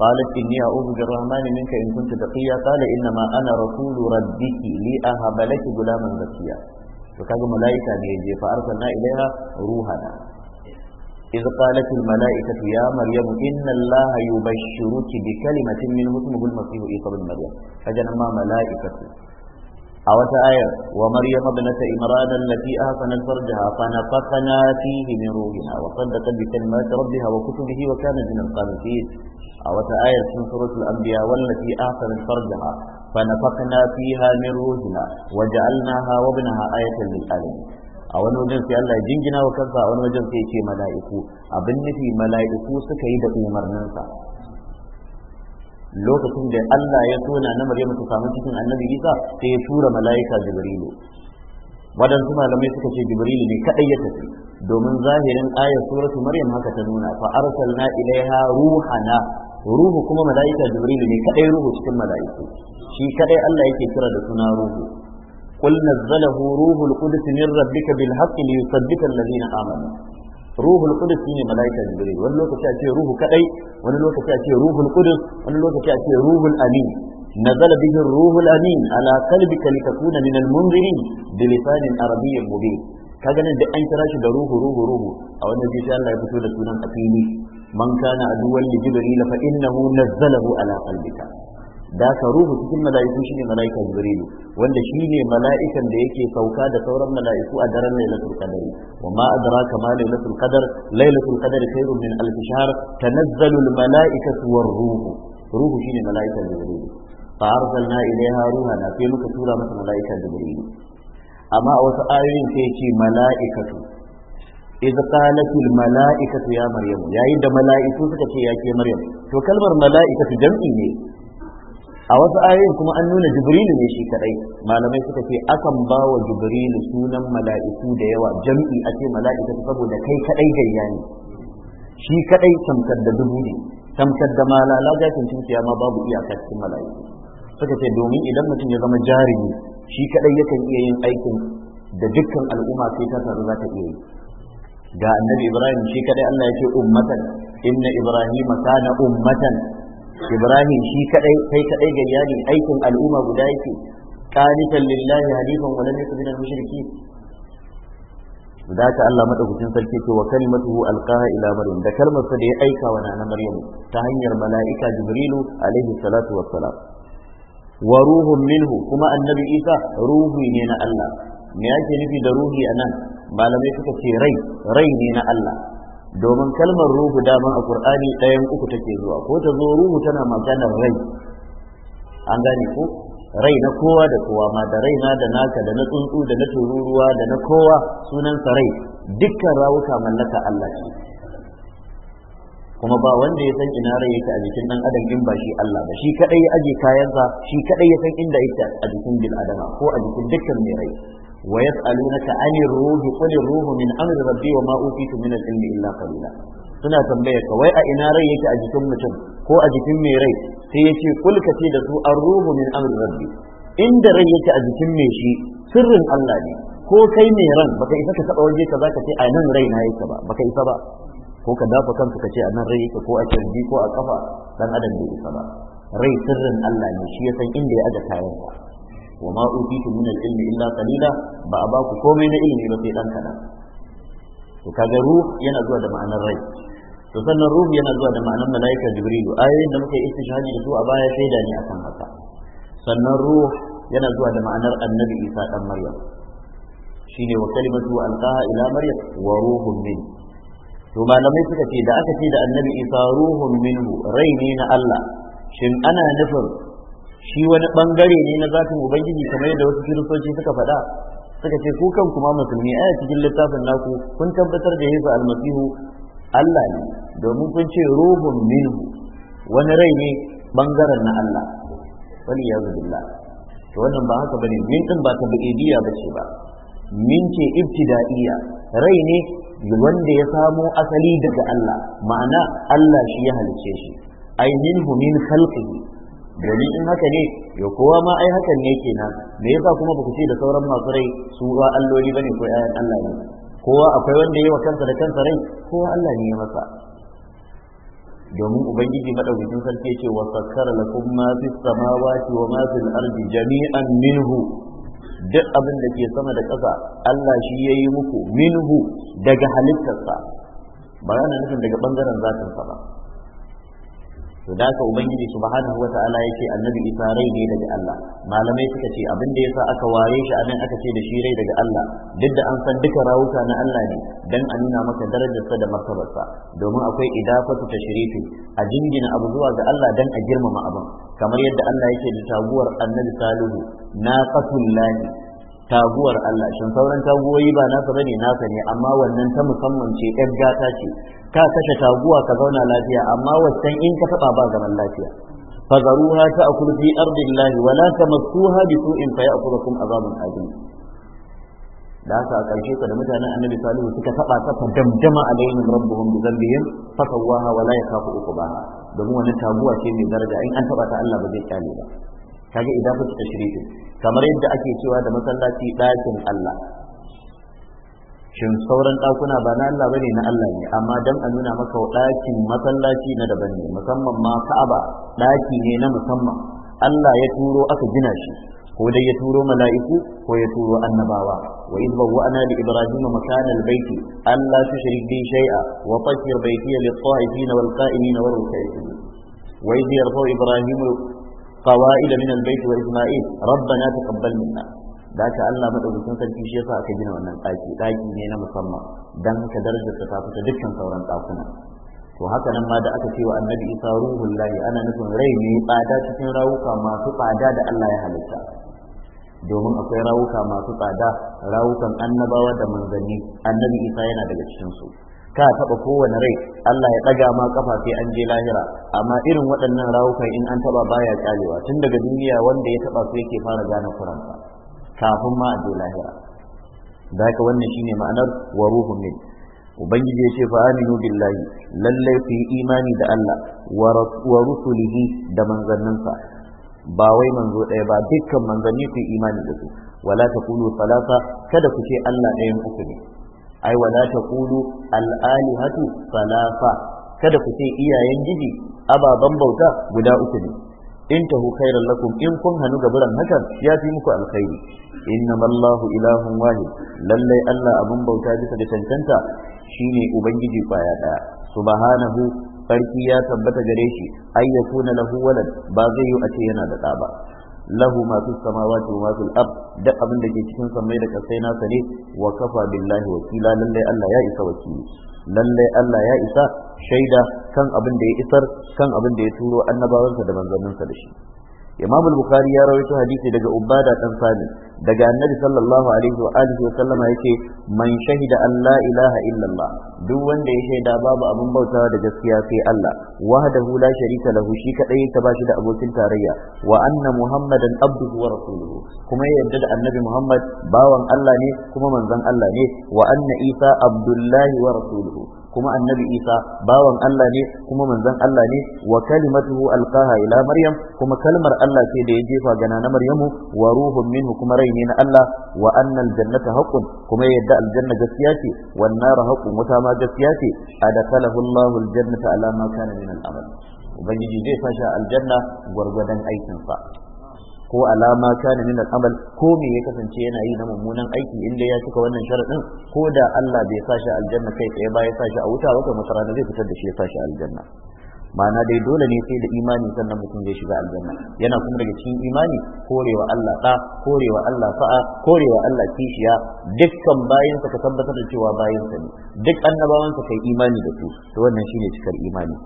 قالت إني أعوذ بالرحمن منك إن كنت تقيا قال إنما أنا رسول ربك لأهب لك غلاما زكيا فكذا ملائكة بيجي فأرسلنا إليها روحنا إذ قالت الملائكة يا مريم إن الله يبشرك بكلمة من اسمه المسيح عيسى بن مريم فجنما ملائكة أو آية ومريم ابنة إمران التي أحسنت فرجها فنفقنا فيه من روحها وصدقت بكلمات ربها وكتبه وكانت من القانتين أو آية من سورة الأنبياء والتي أحسنت فرجها فنفقنا فيها من روحنا وجعلناها وابنها آية للعالمين a wani wajen sai Allah jingina wa kansa a wani wajen sai ce mala'iku abin nufi mala'iku suka yi da umarninsa lokacin da Allah ya so na Maryamu ta samu cikin Annabi Isa sai ya tura mala'ika Jibrilu wadansu malamai suka ce Jibrilu ne kadai ya tafi domin zahirin ayar suratu Maryam haka ta nuna fa arsalna ilaiha ruhana ruhu kuma mala'ika Jibrilu ne kadai ruhu cikin mala'iku shi kadai Allah yake kira da suna ruhu قل نزله روح القدس من ربك بالحق ليصدق الذين آمنوا روح القدس shine malaika jibril wani lokaci a ce ruhu kadai wani lokaci a ce ruhul qudus wani lokaci a ce ruhul amin nazala bihi ruhul amin ala qalbika litakuna min al-munzirin bi lisanin arabiyyin mubin kaga nan duk an kira shi da ruhu ruhu ruhu a wannan ji sai fito da sunan afini man kana aduwwan fa innahu nazzalahu ala da ka ruhu cikin mala'iku shine mala'ika jibrilu wanda shine mala'ikan da yake sauka da sauran mala'iku a daren lailatul qadar wa ma adraka ma lailatul qadar lailatul qadar khairun min alf shahr tanazzalu al mala'ikatu war ruhu ruhu shine mala'ikan jibrilu fa arsalna ilaiha ruhana sai muka tura masa mala'ikan jibrilu amma a wasu ayoyin sai ce mala'ikatu إذ قالت الملائكة يا مريم يا إذا ملائكة يا مريم to kalmar mala'ikatu jam'i ne a wasu ayoyin kuma an nuna jibrilu ne shi kadai malamai suka ce akan ba wa jibrilu sunan mala'iku da yawa jam'i a ce mala'ika saboda kai kadai gayya ne shi kadai tamkar da dubu ne tamkar da malala gashin cinciya ma babu iyaka cikin mala'iku suka ce domin idan mutum ya zama jarumi shi kadai yakan iya yin aikin da dukkan al'umma sai ta taru za ta iya yi ga annabi ibrahim shi kadai allah ya ce ummatan inna ibrahim kana ummatan ibrahim shi kadai kai kadai gayya ne aikin al'umma guda yake qanitan lillahi halifan wa lam yakun minal mushrikeen da Allah madaukakin sarki ce wa kalimatuhu alqaha ila maryam da kalmar sa da ya aika wa nana maryam ta hanyar mala'ika jibrilu alaihi salatu wassalam wa ruhun minhu kuma annabi isa ruhi ne na Allah me yake nufi da ruhi anan malamai suka ce rai rai ne na Allah domin kalmar ruhu dama a ƙur'ani ɗayan uku take zuwa ko ta zo ruhu tana maganar rai an gane ko rai na kowa da kowa ma da rai na da naka da na tsuntsu da na tururuwa da na kowa sunansa rai dukkan rawuka mallaka Allah ce kuma ba wanda ya san ina rai yake a jikin ɗan adam in ba shi Allah ba shi kadai ya aje kayansa shi kaɗai ya san inda yake a jikin bil adama ko a jikin dukkan mai rai ويسألونك عن الروح قل الروح من أمر ربي وما أوتيت من العلم إلا قليلا suna tambayar ka wai a ina rai yake a jikin mutum ko a jikin mai rai sai yake kulka ce da su an ruhu min amri rabbi inda rai yake a jikin mai shi sirrin Allah ne ko kai mai ran baka isa ka taba waje ka zaka ce a nan rai na yake ba baka isa ba ko ka dafa kanka ka ce a nan rai yake ko a kirji ko a kafa dan adam bai isa ba rai sirrin Allah ne shi ya san inda ya aje kayan sa wa ma utitu min al-ilmi illa qalila ba a baku komai na ilimi ba sai dan kadan kaga ruh yana zuwa da ma'anar rai sannan ruh yana zuwa da ma'anar malaika jibrilu ayoyin da muka yi istishhadi da su a baya shaida ne akan haka sannan ruh yana zuwa da ma'anar annabi isa dan maryam shine wa kalimatu alqaha ila maryam wa ruhun min to malamai suka ce da aka ce da annabi isa ruhun minhu rai ne na Allah shin ana nufin shi wani bangare ne na zatin ubangiji kamar yadda wasu kiristoci suka faɗa suka ce ku kan kuma musulmi a cikin littafin naku kun tabbatar da yesu almasihu Allah ne domin kun ce ruhun minhu wani rai ne bangaren na Allah wani ya zubilla. to wannan ba haka bane min din ba ta bi'idiyya biya ba min ce ibtida'iyya rai ne wanda ya samo asali daga Allah ma'ana Allah shi ya halice shi ai minhu min khalqihi domin in haka ne ya kowa ma ai hakan ne kenan me yasa kuma baku ce da sauran masu rai su ba alloli bane ko 'ya'yan Allah ne kowa akwai wanda yayi wa kansa da kansa rai kowa Allah ne ya masa domin ubangiji madaukakin sarki yace wa sakkara lakum ma fis samawati wa ma fil ardi jami'an minhu duk abin da ke sama da ƙasa Allah shi yayi muku minhu daga halittarsa ba yana nufin daga ɓangaren zatinsa ba to da haka ubangiji subhanahu wataala yake annabi isa rai ne daga Allah malamai suka ce abin da yasa aka ware shi anan aka ce da shi rai daga Allah duk da an san duka rawuka na Allah ne dan a nuna maka darajarsa da martabarsa domin akwai idafatu tashrifi a jingina abu zuwa ga Allah dan a girmama abin kamar yadda Allah yake da taguwar annabi salihu naqatul lahi taguwar Allah shin sauran taguwoyi ba nasa bane nasa ne amma wannan ta musamman ce yar gata ce ka kashe taguwa ka zauna lafiya amma wasan in ka taba ba zaman lafiya fagaruha ta akulu fi ardillahi wala tamassuha bi su'in fa ya'kulukum azabun adim da haka a ƙarshe ka da mutanen annabi salihu suka taba ta a damdama alaihim rabbuhum bi dhanbihim fa sawaha wala yakhafu uqbaha domin wannan taguwa ce mai daraja in an taba ta Allah ba zai kyale ba kaga idan ku tashrifi kamar yadda ake cewa da masallaci ɗakin Allah shin sauran ɗakuna ba na Allah bane na Allah ne amma dan a nuna maka ɗakin masallaci na daban ne musamman ma Ka'aba ɗaki ne na musamman Allah ya turo aka gina shi ko dai ya turo mala'iku ko ya turo annabawa wa idh bawwa'na li ibrahima makana al-bayti alla tushrik bi shay'a wa tahhir baytiya lit-ta'ifin wal-qa'imin war-ruk'in wa idh yarfa'u ibrahimu qawa'ida min al-bayti wa isma'il rabbana taqabbal minna da aka Allah madaukakin sarki shi yasa aka gina wannan ɗaki ɗaki ne na musamman dan haka darajar ta fita dukkan sauran ɗakuna to haka nan ma da aka ce wa annabi isa ruhul lahi ana nufin rai ne tsada cikin rawuka masu tsada da Allah ya halitta domin akwai rawuka masu tsada rawukan annabawa da manzanni annabi isa yana daga cikin su ka taba kowane rai Allah ya ɗaga ma kafa sai an je lahira amma irin waɗannan rawukan in an taba baya ƙyalewa tun daga duniya wanda ya taba su yake fara gane kuransa kafin ma a je lahira da haka wannan shine ma'anar wa ruhun min ubangiji ya ce fa aminu billahi lallai ku yi imani da Allah wa rusulihi da manzanninsa ba wai manzo ɗaya ba dukkan manzanni ku yi imani da su wala taqulu salasa kada ku ce Allah ɗayan uku ne ai wala taqulu al-alihatu salasa kada ku ce iyayen giji ababen bauta guda uku ne in tahu khairan lakum in kun hanu gaburan hakan ya fi muku alkhairi innama Allahu ilahun wahid lalle Allah abun bauta bisa da cancanta shine ubangiji kwaya daya subhanahu sarki ya tabbata gare shi ay yakuna lahu walad ba zai yi a ce yana da ɗa lahu masu fi samawati wa fil ard duk abin da ke cikin samai da kasai nasa ne wa kafa billahi wakila lalle Allah ya isa wakili lallai Allah ya isa shaida kan abin da ya isar kan abin da ya turo annabawansa da manzanninsa da shi imam al-bukhari ya rawaito hadisi daga ubada dan sami daga annabi sallallahu alaihi wa alihi wa sallama yace man shahida an la ilaha illallah duk wanda ya shaida babu abin bautawa da gaskiya sai Allah wahdahu la sharika lahu shi kadai ta bashi da abokin tarayya wa anna muhammadan abduhu wa rasuluhu kuma ya yarda da annabi muhammad bawan Allah ne kuma manzon Allah ne wa anna isa abdullahi wa rasuluhu kuma annabi isa bawan Allah ne kuma manzon Allah ne wa kalimatuhu alqaha ila maryam kuma kalmar Allah ce da ya jefa gana na maryamu wa ruhun minhu kuma rai ne na Allah wa annal jannata haqqun kuma yadda aljanna gaskiya ce wan nar haqqun wata ma gaskiya ce adakalahu Allahu aljannata ala ma kana min al'amal ubangiji zai sa aljanna gwargwadon aikinsa ko alama kana min amal ko me ya kasance yana yi na mummunan aiki inda ya cika wannan sharaɗin? ko da Allah bai sa shi aljanna kai tsaye ba ya sa shi a wuta ba kamar rana zai fitar da shi ya sa shi aljanna ma'ana dai dole ne sai da imani sannan mutum zai shiga aljanna yana kuma daga cikin imani korewa Allah ta korewa Allah fa'a korewa Allah kishiya dukkan bayansa ka tabbatar da cewa bayansa ne duk annabawansa kai imani da su to wannan shine cikar imani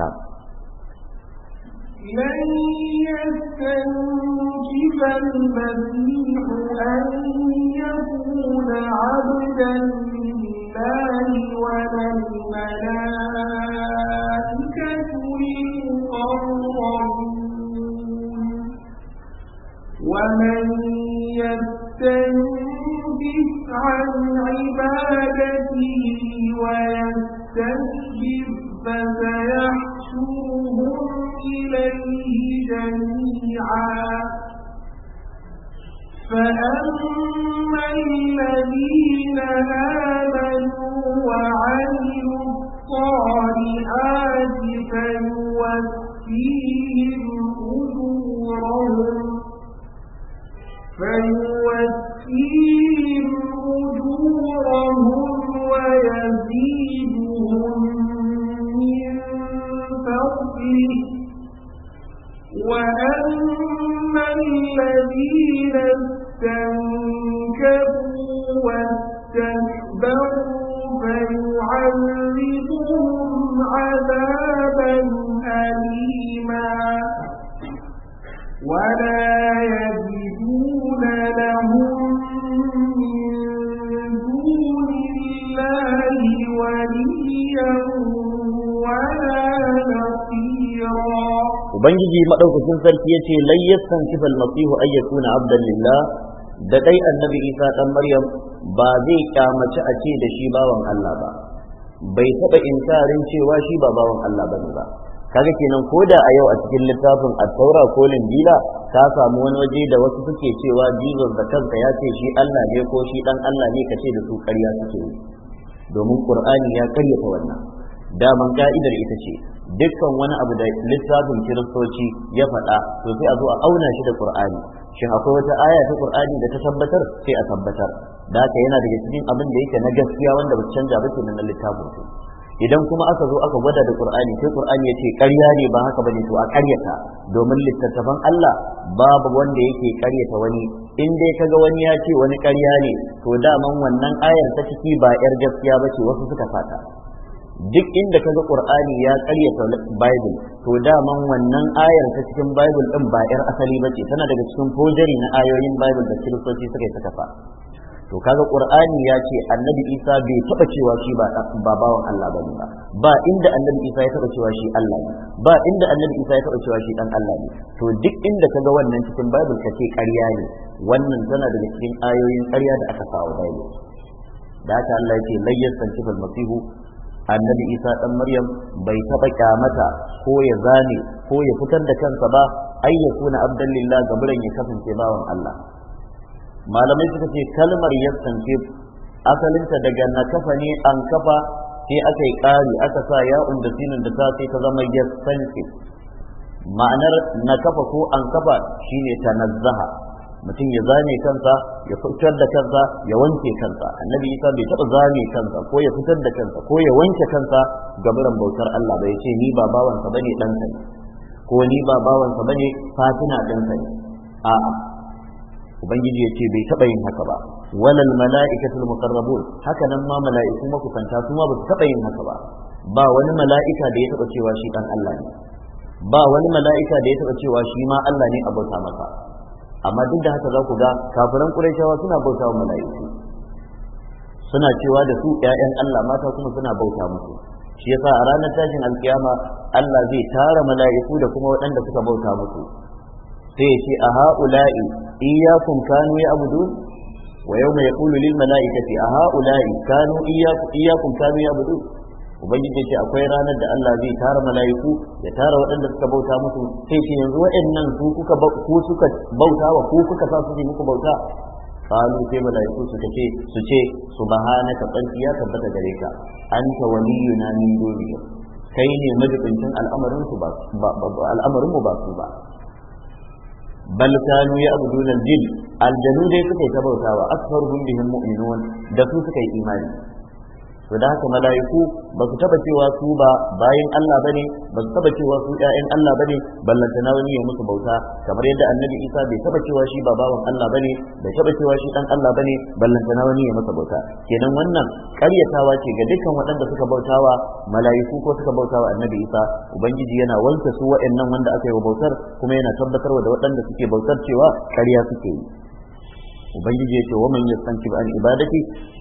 na'am لن يستنكف المسيح أن يكون عبدا لله ولا الملائكة المقربون ومن يستنكف عن عبادته ويستكبر فسيحشرهم إليه جميعا فأما الذين آمنوا ubangiji madaukakin sarki yace lai yasan kifal masihu ay na abdan lillah da kai annabi isa dan maryam ba zai kyamaci a ce da shi bawan Allah ba bai taba inkarin cewa shi ba bawan Allah bane ba kaga kenan ko da a yau a cikin littafin at-taura ko linjila ka samu wani waje da wasu suke cewa jesus da kanka ya ce shi Allah ne ko shi dan Allah ne kace da su ƙarya suke domin qur'ani ya karyata wannan daman ka'idar ita ce dukkan wani abu da littafin kiristoci ya faɗa to sai a zo a auna shi da qur'ani shin akwai wata aya ta qur'ani da ta tabbatar sai a tabbatar da haka yana daga cikin abin da yake na gaskiya wanda ba canja ba kenan na littafin su idan kuma aka zo aka gwada da qur'ani sai qur'ani ya ce ƙarya ne ba haka bane to a ƙaryata domin littattafan Allah babu wanda yake ƙaryata wani in dai kaga wani ya ce wani ƙarya ne to daman wannan ayar ta ciki ba 'yar gaskiya ba ce wasu suka fata duk inda kaga qur'ani ya ta bible to daman wannan ayar ta cikin bible din ba yar asali bace tana daga cikin fojari na ayoyin bible da kiristoci suka yi ta kafa to kaga qur'ani ya ce annabi isa bai taba cewa shi ba ba bawan Allah bane ba ba inda annabi isa ya taba cewa shi Allah ne ba inda annabi isa ya taba cewa shi dan Allah ne to duk inda kaga wannan cikin bible kace ƙarya ne wannan tana daga cikin ayoyin ƙarya da aka kawo bible da haka Allah yake layyar cikin masihu annabi isa dan maryam bai taba kyamata ko ya zane ko ya fitar da kansa ba ai ya kuna ga biran ya kasance bawan allah malamai suka ce kalmar yastance asalinta daga nakafa ne an kafa sai aka yi ƙari aka sa ya da sinin da ta sai ta zama yastance ma'anar nakafa ko an kafa shine nazzaha mutum ya zane kansa ya fitar da kansa ya wanke kansa annabi isa bai taɓa zame kansa ko ya fitar da kansa ko ya wanke kansa gaburan bautar Allah bai ce ni ba bawansa bane ɗansa ne ko ni ba bawansa bane fatina ɗansa ne a'a ubangiji ya ce bai taɓa yin haka ba walal mala'ikatul muqarrabun haka nan ma mala'iku makusanta su ma ba su taɓa yin haka ba ba wani mala'ika da ya taɓa cewa shi ɗan Allah ne ba wani mala'ika da ya taɓa cewa shi ma Allah ne abota masa amma duk da haka za ku ga kafiran quraishawa suna bauta wa mala'iku suna cewa da su ƴaƴan Allah mata kuma suna bauta musu shi yasa a ranar tashin alkiyama Allah zai tara mala'iku da kuma waɗanda suka bauta musu sai ya ce a ha'ula'i iyyakum kanu ya'budun wa yau mai yaqulu lil mala'ikati a ha'ula'i kanu iyyakum kanu ya'budun ubangiji ce akwai ranar da Allah zai tara mala'iku ya tara waɗanda suka bauta musu sai shi yanzu waɗannan su kuka ku suka bauta wa ku kuka sa su yi muku bauta qalu sai mala'iku su ce su ce subhanaka qanti ya tabbata gare ka anta waliyuna min dunihim kai ne majibincin al'amarin su ba al'amarin mu ba su ba bal kanu ya abudun aljin aljanu dai suka yi ta bautawa aktharuhum bihim mu'minun da su suka yi imani to da haka mala'iku ba su taba cewa su ba bayan Allah bane ba su taba cewa su ƴaƴan Allah bane ballantana wani ya musu bauta kamar yadda annabi Isa bai taba cewa shi ba bawan Allah bane bai taba cewa shi dan Allah bane ballantana wani ya musu bauta kenan wannan ƙaryatawa ce ga dukkan waɗanda suka bautawa mala'iku ko suka bautawa annabi Isa ubangiji yana wanke su waɗannan wanda aka yi wa bautar kuma yana tabbatar da waɗanda suke bautar cewa ƙarya suke yi ubangiji ya ce wa man yastanki an ibadati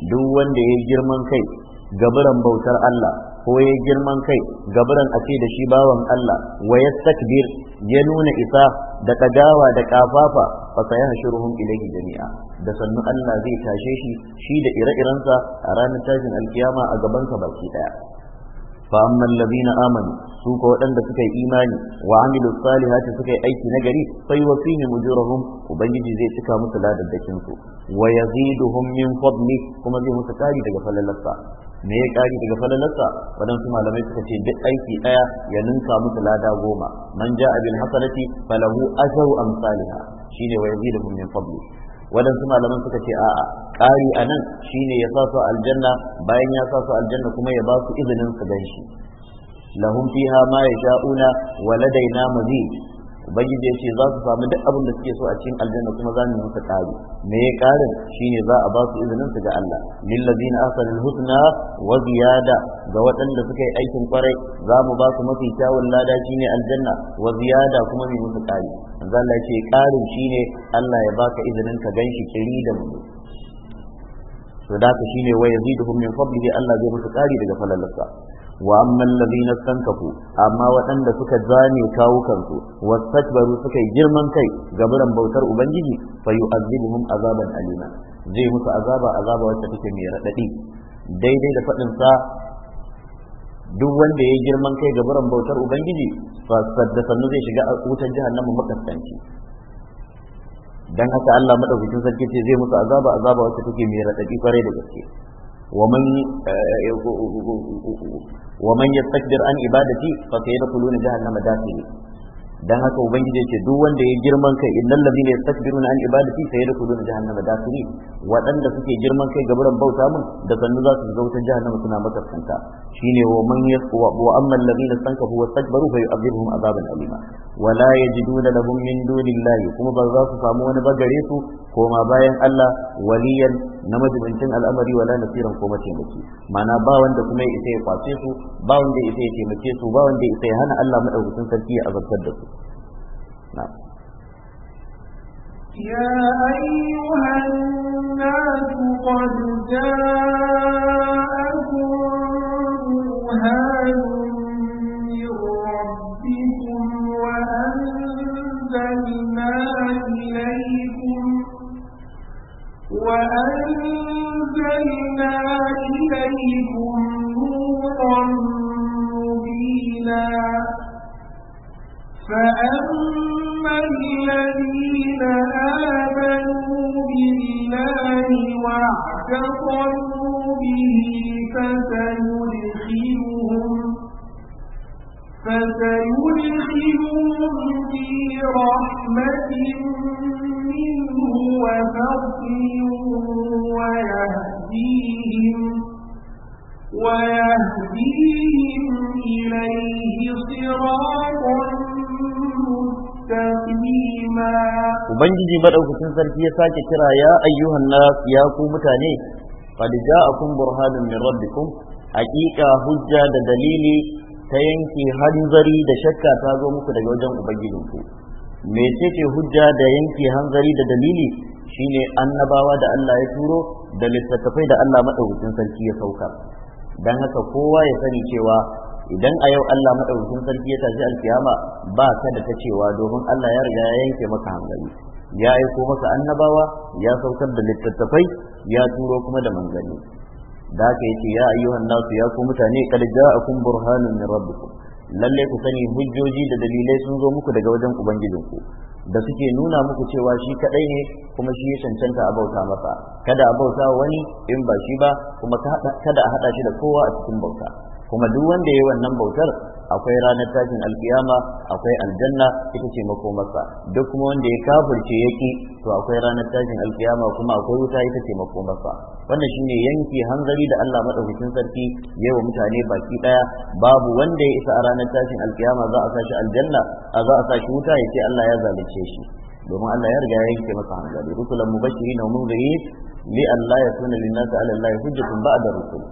duk wanda ya girman kai gaburan bautar Allah ko ya girman kai gaburan a ce da shi bawan Allah wa takbir, ya nuna isa da kadawa da kafafa fa sayahshuruhum ilayhi jami'a da sannu Allah zai tashe shi shi da ire-irensa a ranar tashin alkiyama a gaban sa baki daya fa amma allazina amanu su ko waɗanda suka yi imani wa amilu salihati suka yi aiki na gari sai wa fihim ujurahum ubangiji zai cika musu ladaddakin su wa yaziduhum min fadli kuma zai musu kari daga falalarsa me ya kari daga falalarsa waɗansu malamai suka ce duk aiki ɗaya ya ninka musu lada goma man ja abin hasanati falahu ajru amsalha shine wa yazidu min fadli waɗansu malaman suka ce a'a ƙari a nan shine ya sa su aljanna bayan ya sa su aljanna kuma ya ba su izinin su gan shi lahum fiha ma yasha'una wa ladaina mazid ubangiji ya ce za su samu duk abin da suke so a cikin aljanna kuma za mu musu ƙari me ya ƙarin shine za a ba su izinin su ga Allah lillazina ahsanul husna wa ziyada ga waɗanda suka yi aikin kwarai za mu ba su mafi kyawun lada shine aljanna wa ziyada kuma mu musu ƙari manzo Allah ya ce ƙarin shine Allah ya baka izinin ka ganshi kiri da mu to da shine wa yaziduhum min fadlihi Allah zai musu ƙari daga falalarsa wa amma allazina stankafu amma waɗanda suka zane kawukansu wastakbaru suka yi girman kai ga gaburan bautar ubangiji fa yu'azzibuhum azaban alima zai musu azaba azaba wacce take mai radadi daidai da faɗin sa duk wanda ya girman kai ga gaburan bautar ubangiji fa sadda sannu zai shiga wutar jahannama makaskanci dan haka Allah madaukakin sarki ce zai musu azaba azaba wacce take mai radadi kwarai da gaske ومن ومن يستكبر عن عبادتي فسيدخلون جهنم داخلين dan haka ubangiji ce duk wanda ya girman kai innal ladina yastakbiruna an ibadati sayadkhuluna jahannama dakiri wadanda suke girman kai gaburan bauta mun da sannu za su zauta jahannama suna makaskanta shine wa man yaswa wa amma alladina sankahu wastakbaru fa yu'adhibuhum azaban alima wa la yajiduna lahum min dunillahi kuma ba za su samu wani bagare su koma bayan Allah waliyan na majibincin al'amari wala nasiran ko mataimaki mana ba wanda kuma ya isa ya kwace su ba wanda ya isa ya taimake su ba wanda ya isa ya hana Allah madaukakin sarki ya azabtar da su يا أيها الناس قد جاءكم برهان من ربكم وأنزلنا إليكم وأنزلنا إليكم نورا مبينا فأما الذين آمنوا بالله واعتصموا به فسيدخلهم فسيدخلهم في رحمة منه وفضل ويهديهم ويهديهم إليه صراطا Ubangiji maɗaukacin sarki ya sake kira ya ayyuhan nas ya ku mutane qad ja'akum burhanun min rabbikum haqiqa hujja da dalili ta yanke hanzari da shakka ta zo muku daga wajen ubangijinku ce hujja da yanke hanzari da dalili shine annabawa da Allah ya turo da littattafai da Allah madaukakin sarki ya sauka dan haka kowa ya sani cewa idan a yau Allah madaukakin sarki ya tashi alkiyama ba ka da ta cewa domin Allah ya riga ya yanke maka hanzari ya aiko maka annabawa ya saukar da littattafai ya turo kuma da manzanni da haka yace ya ayyuhan nasu ya ku mutane kad ja'akum burhanun min rabbikum lalle ku sani hujjoji da dalilai sun zo muku daga wajen ku da suke nuna muku cewa shi kadai ne kuma shi ya cancanta a bauta masa kada a bauta wani in ba shi ba kuma kada a hada shi da kowa a cikin bauta kuma duk wanda ya yi wannan bautar akwai ranar tashin alkiyama akwai aljanna ita ce makomarsa duk kuma wanda ya kafurce yaki to akwai ranar tashin alkiyama kuma akwai wuta ita ce makomarsa wannan shine yanke hanzari da Allah madaukakin sarki ya wa mutane baki daya babu wanda ya isa a ranar tashin alkiyama za a sashi aljanna a za a sashi wuta ya ce Allah ya zalunce shi domin Allah ya riga ya yanke masa hanzari rusulan mubashirin wa munzirin li Allah ya tuna lin-nasi ala Allah hujjatun ba'da rusul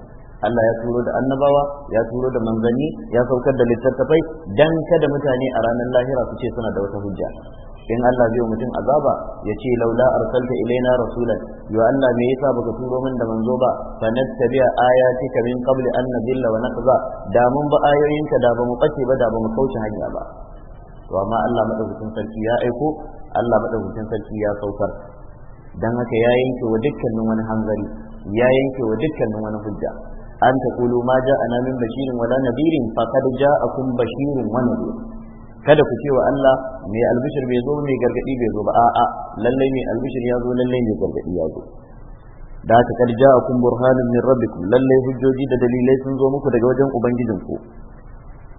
Allah ya turo da annabawa ya turo da manzanni ya saukar da littattafai dan kada mutane a ranar lahira su ce suna da wata hujja in Allah zai mutum azaba ya ce laula arsalta ilaina rasulan yo Allah me yasa baka turo min da manzo ba fa nattabi'a ayatika min qabli an nadilla wa naqza da mun ba ayoyinka da ba mu kace ba da ba mu kauce hanya ba to amma Allah madaukakin sarki ya aiko Allah madaukakin sarki ya saukar dan haka ya yanke wa dukkanin wani hanzari ya yanke wa dukkanin wani hujja an taqulu ma ja a min bashirin wala nadirin a kun bashirin wa nadir kada ku ce wa Allah mai albishir bai zo mai gargadi bai zo ba a'a lallai mai albishir ya zo lallai mai gargadi ya zo da ja a kun burhanun min rabbikum lallai hujjoji da dalilai sun zo muku daga wajen ubangijinku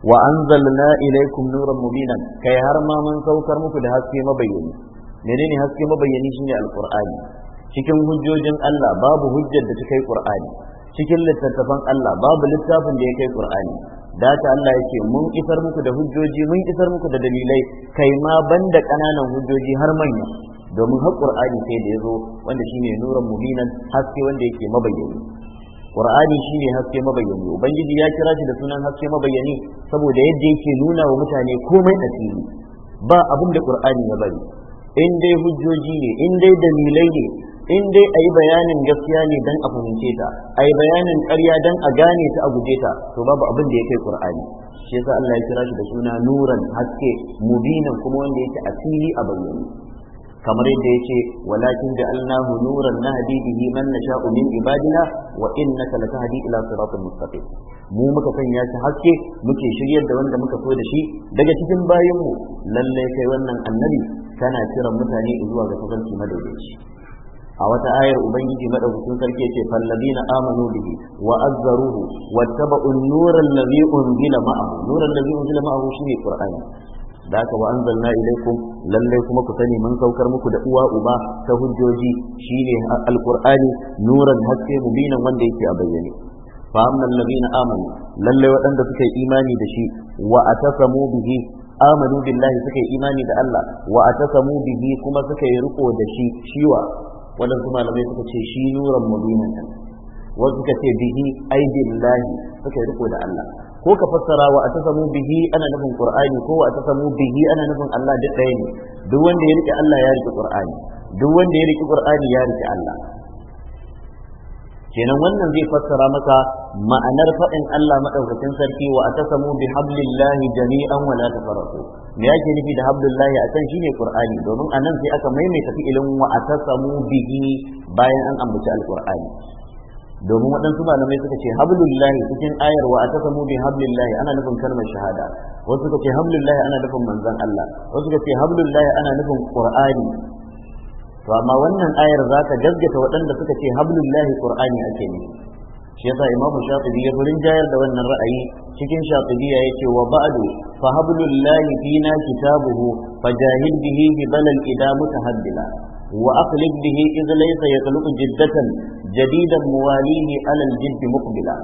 wa anzalna ilaykum nuran mubinan kai har ma mun saukar muku da haske mabayyani menene haske mabayyani shine alqur'ani cikin hujjojin Allah babu hujjar da ta kai qur'ani cikin littattafan Allah babu littafin da ya kai Qur'ani da ta Allah yake mun isar muku da hujjoji mun isar muku da dalilai kai ma banda kananan hujjoji har manya domin har Qur'ani sai da yazo wanda shine nuran mubinan haske wanda yake mabayyani Qur'ani shine haske mabayyani ubangiji ya kira shi da sunan haske mabayyani saboda yadda yake nuna wa mutane komai asiri ba abin da Qur'ani ya bari in dai hujjoji ne in dai dalilai ne in dai a yi bayanin gaskiya ne don a fahimce ta a yi bayanin ƙarya don a gane ta a guje ta to babu abin da ya kai ƙur'ani shi yasa Allah ya kira shi da suna nuran haske mubinan kuma wanda yake a asiri a bayyane kamar yadda ya ce walakin da alnahu nuran na bihi man nasha'u min ibadina wa innaka latahdi ila siratal mustaqim mu muka sanya shi haske muke shiryar da wanda muka so da shi daga cikin bayanmu lallai kai wannan annabi kana kiran mutane zuwa ga tafarki madaidaici a wata ayar ubangiji madaukakin sarki yace fallabina amanu bihi wa azzaruhu wattaba'u an-nura allazi unzila ma'ahu nura allazi unzila ma'ahu shine qur'ani da aka wa anzalna ilaikum lallai kuma ku sani mun saukar muku da uwa uba ta hujjoji shine alqur'ani nuran haske mubinan wanda yake a bayyane fa amma allazina amanu lallai waɗanda suka yi imani da shi wa atasamu bihi amanu billahi suka yi imani da Allah wa atasamu bihi kuma suka yi riko da shi shiwa waɗansu malamai suka ce shi nuran mubina nan wasu suka ce bihi ai lahi suka yi riko da Allah ko ka fassara wa atasamu bihi ana nufin qur'ani ko wa atasamu bihi ana nufin Allah duk ɗaya ne duk wanda ya rike Allah ya rike qur'ani duk wanda ya rike qur'ani ya rike Allah kenan wannan zai fassara maka ma'anar faɗin Allah madaukakin sarki wa atasamu bi hablillahi jami'an wa la tafarraqu me yake nufi da hablillahi akan shine qur'ani domin anan sai aka maimaita fi'ilin wa atasamu bihi bayan an ambaci alqur'ani domin waɗansu malamai suka ce hablullahi cikin ayar wa atasamu bi hablillahi ana nufin kalmar shahada wasu suka ce hablullahi ana nufin manzon Allah wasu suka ce hablullahi ana nufin qur'ani to amma wannan ayar za ta gaggata waɗanda suka ce hablullahi qur'ani ake ne shi yasa imamu shatibi ya furin jayar da wannan ra'ayi cikin ya ce wa ba'du fa hablullahi fina kitabuhu fajahid bihi hibalal ida mutahaddila wa aqlib bihi ya laysa yaqluqu jiddatan jadidan muwalihi ala al-jidd muqbila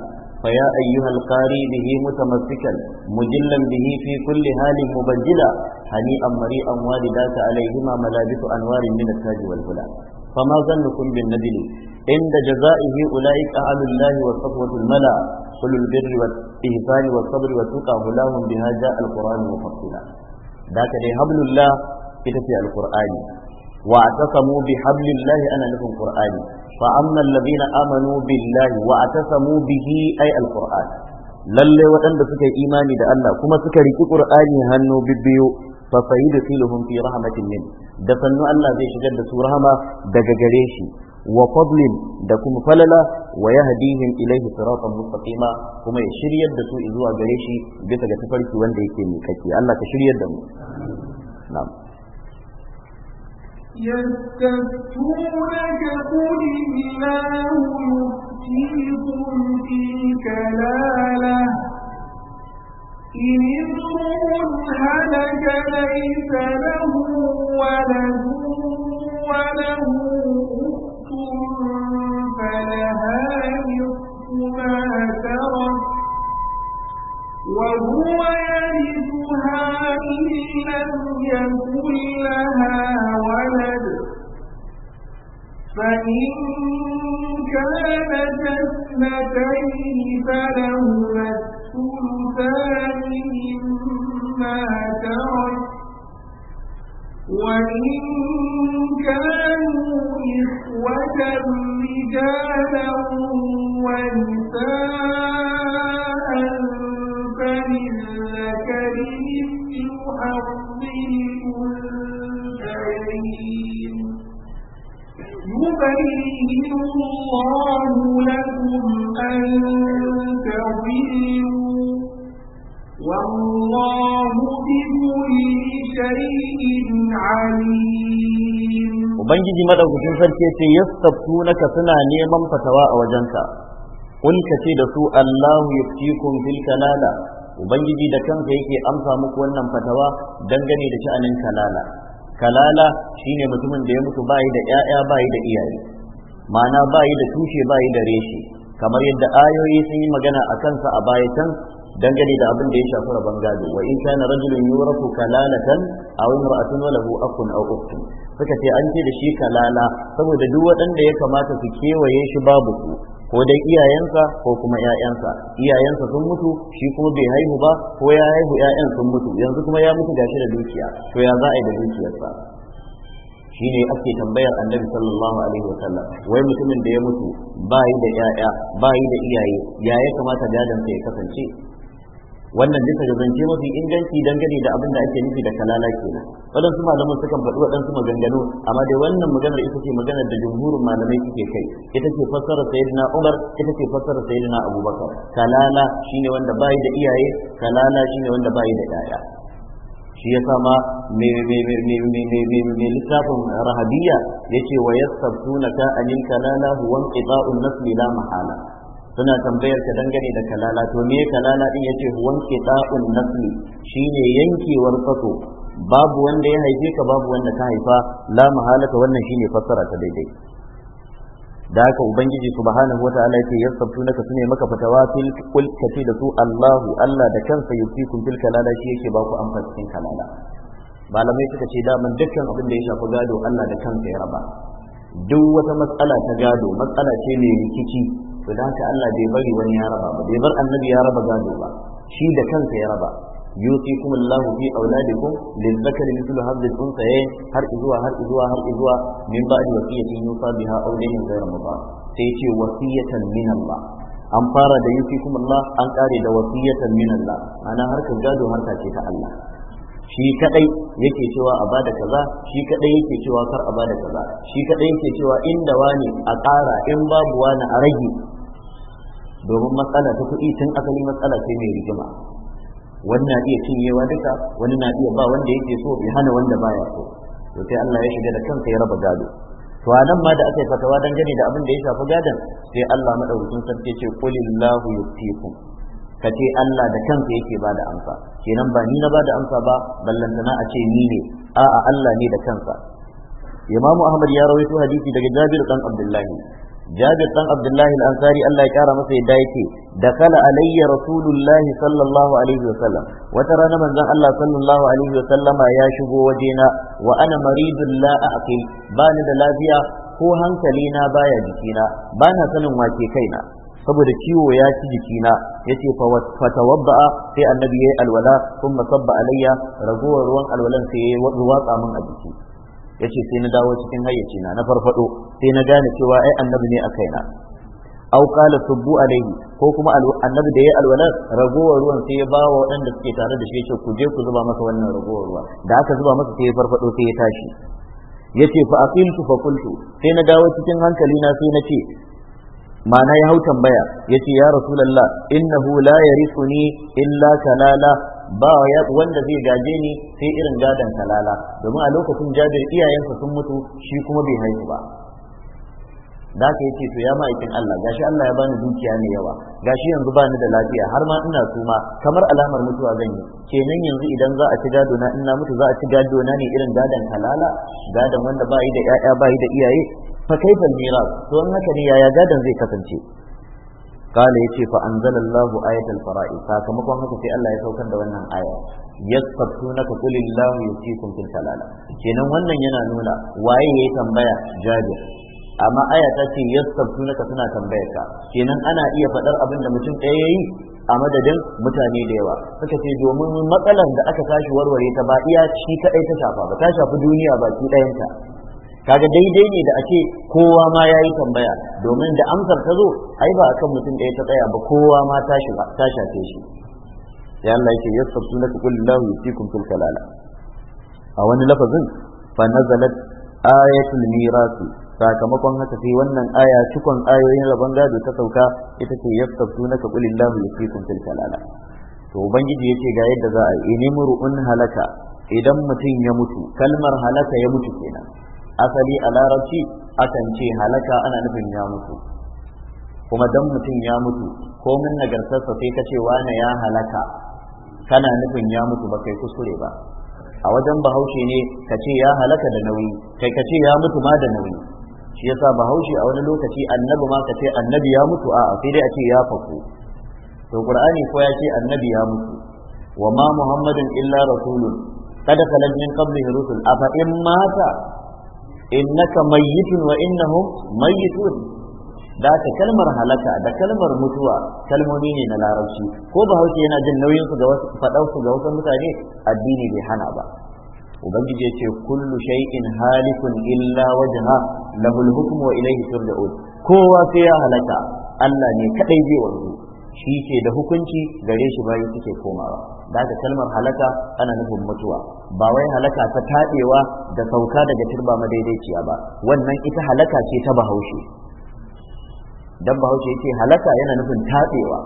فيا أيها القاري به متمسكا مجلا به في كل حال مبجلا هنيئا مريئا والداك عليهما ملابس أنوار من التاج والهلا فما ظنكم بالنبل عند جزائه أولئك أهل الله وصفوة الملا كل البر والإحسان والصبر والتقى هلاهم بها جاء القرآن مفصلا ذاك دي حبل الله كتفي القرآن واعتصموا بحبل الله nufin لكم قرآن فأما الذين آمنوا بالله واعتصموا به أي القرآن lalle waɗanda suka yi imani da Allah kuma suka riki Qur'ani hannu bibbiyo fa sayyiduhum fi rahmatin min da sannu Allah zai shigar da su rahama daga gare shi wa fadlin da kuma falala wa yahdihim ilayhi siratan mustaqima kuma ya shiryar da su zuwa gare shi bisa ga tafarki wanda yake mai kake Allah ka shiryar da mu na'am يستفتونك قل الله يفتيكم في كلالة إن امرؤ هلك ليس له ولد وله أخت فلها نصف ما ترك وهو يرثها إن لم يكن لها ولد فإن كانت اثنتين فلهما الثلثان مما ترك وإن كانوا إخوة رجالا ونساء Ubangiji madaukakin sarki ce yastaftu naka suna neman fatawa a wajenka wani ka ce da su Allahu kun bil kalala ubangiji da kansa yake amsa muku wannan fatawa dangane da sha'anin kalala kalala shine mutumin da ya mutu bayi da ƴaƴa bayi da iyaye ma'ana bayi da tushe bayi da reshe kamar yadda ayoyi sun yi magana a kansa a baya can dangane da abin da ya shafi rabon gado wa in kana rajulun yurafu kalalatan aw imra'atun lahu akun aw ukhtun suka ce an ce da shi kalala saboda duk waɗanda ya kamata su kewaye shi babu ku ko dai iyayensa ko kuma ƴaƴansa iyayensa sun mutu shi kuma bai haihu ba ko ya haihu ƴaƴan sun mutu yanzu kuma ya mutu gashi da dukiya to ya za a yi da dukiyarsa Shi ne ake tambayar annabi sallallahu alaihi wa sallam wai mutumin da ya mutu ba yi da ƴaƴa ba yi da iyaye ya ya kamata gadon ya kasance wannan duka da zance mafi inganci dangane da abin da ake nufi da kalala kenan waɗansu malaman sukan faɗi waɗansu maganganu amma dai wannan maganar ita ce maganar da jumhurin malamai suke kai ita ce fassara sayyidina Umar ita ce fassara sayyidina Abubakar kalala shine wanda bai da iyaye kalala shine wanda bai da yaya shi ya ma mai littafin rahabiya yace wa yassabtunaka anil kalala huwa inqita'un nasli la mahala suna tambayar ka dangane da kalala to me kalala din yace wanke ta'un nasli shine yankewar faso babu wanda ya haife ka babu wanda ka haifa la mahalaka wannan shine fassara ta daidai da haka ubangiji subhanahu wataala yace naka sune maka fatawa fil kul kace da su Allahu Allah da kansa yufikum tilka lala shi yake baku amfanin kalala malamai suka ce daman dukkan abin da ya shafi gado Allah da kansa ya raba duk wata matsala ta gado matsala ce mai rikici to da haka Allah bai bari wani ya raba ba bai bar annabi ya raba gado ba shi da kansa ya raba yusikum Allah fi auladikum lil zakari mithlu hadhi al unsayayn har izuwa har izuwa har izuwa min ba'd wasiyatin yusa biha aw dayn ghayr mudar sai yace wasiyatan min Allah an fara da kuma Allah an kare da wasiyatan min Allah ana harkar gado harka ce ta Allah shi kadai yake cewa a bada kaza shi kadai yake cewa kar a bada kaza shi kadai yake cewa inda wani a kara in babu wani a rage domin matsala ta kuɗi tun asali matsala sai mai rigima wani na iya cinyewa duka wani na iya ba wanda yake so ya hana wanda baya so to sai Allah ya shiga da kansa ya raba gado to nan ma da aka yi fatawa dangane da abin da ya shafi gadon sai Allah madaukakin sarki ce qulillahu yuftikum ka ce Allah da kansa yake ba da amsa kenan ba ni na ba da amsa ba ballantana a ce ni ne a'a Allah ne da kansa Imam Ahmad ya rawaito hadisi daga Jabir dan Abdullahi jabir Ɗan abdullahi al-ansari Allah ya kara masa yadda yake dakala alayya rasulullah sallallahu wata rana manzon Allah sallallahu ya shigo wajena wa ana maridun la bani da lafiya ko hankali na baya jikina bana sanin wake kaina saboda ciwo ya ci jikina yace fa tawabba'a sai annabi ya yi alwala kuma sabba alayya ragowar ruwan alwalan sai ya watsa min a jiki yace sai na dawo cikin hayyacina na farfado sai na gane cewa ai annabi ne a kaina aw qala subbu alaihi ko kuma annabi da yayi alwala ragowar ruwan sai ya ba wa waɗanda suke tare da shi yace ku je ku zuba masa wannan ragowar ruwa da aka zuba masa sai ya farfado sai ya tashi yace fa aqiltu fa qultu sai na dawo cikin hankali na sai na ce ma'ana ya hau tambaya yace ya rasulullah innahu la yarisuni illa kalala ba wanda zai gaje ni sai irin gadon kalala domin a lokacin jabir iyayensa sun mutu shi kuma bai haihu ba da aka yi to ya ma'aikin Allah gashi Allah ya bani dukiya mai yawa gashi yanzu bani da lafiya har ma ina suma kamar alamar mutuwa zan yi kenan yanzu idan za a ci gado na ina mutu za a ci gado na ne irin gadon kalala gadon wanda ba yi da ƴaƴa ba da iyaye fa kaifal miras to in haka ne yaya gadon zai kasance ya ce fa فأنزل الله آية الفرائض فكمكم هكا Allah ya يسوكن da wannan aya yasqatunaka qul illahu yusikum fil halala kenan wannan yana nuna waye yayi tambaya jabir amma aya ta ce yasqatunaka suna tambayar ka kenan ana iya faɗar abin da mutum ɗaya yayi a madadin mutane da yawa suka ce domin matsalar da aka tashi warware ta ba iya shi kadai ta shafa ba ta shafi duniya baki ɗayanta kaga daidai ne da ake kowa ma ya yi tambaya domin da amsar ta zo ai ba a kan mutum ɗaya ta tsaya ba kowa ma ta shafe shi ya Allah yake yasabtu laka qul lahu yusikum fil kalala a wani lafazin fa nazalat ayatul mirasi sakamakon haka sai wannan aya cikon ayoyin rabon gado ta sauka ita ce yasabtu ka qul lahu yusikum fil kalala to ubangiji yake ga yadda za a yi e, inimru'un halaka idan mutum ya mutu kalmar halaka ya mutu kenan asali a larabci akan ce halaka ana nufin ya mutu kuma dan mutum ya mutu ko min nagartarsa sai ka ce wane ya halaka kana nufin ya mutu ba kai kuskure ba a wajen bahaushe ne ka ce ya halaka da nauyi kai ka ce ya mutu ma da nauyi shi yasa bahaushe a wani lokaci annabi ma ka ce annabi ya mutu a'a sai dai a ce ya faku to qur'ani ko ya ce annabi ya mutu wa ma muhammadin illa rasulun kada kalan min qablihi rusul afa in mata innaka mayyitun wa innahum mayyitun da ta kalmar halaka da kalmar mutuwa kalmomi ne na larabci ko ba bahaushe yana jin nauyin su ga wasu su ga wasu mutane addini bai hana ba ubangiji ya ce kullu shay'in halikun illa wajha lahul hukmu wa ilayhi turja'un kowa sai ya halaka Allah ne kadai zai wanzu shi ke da hukunci gare shi bayi suke komawa da haka kalmar halaka ana nufin mutuwa ba wai halaka ta taɗewa da sauka daga turba madaidaiciya ba wannan ita halaka ce ta bahaushe dan bahaushe yake halaka yana nufin taɗewa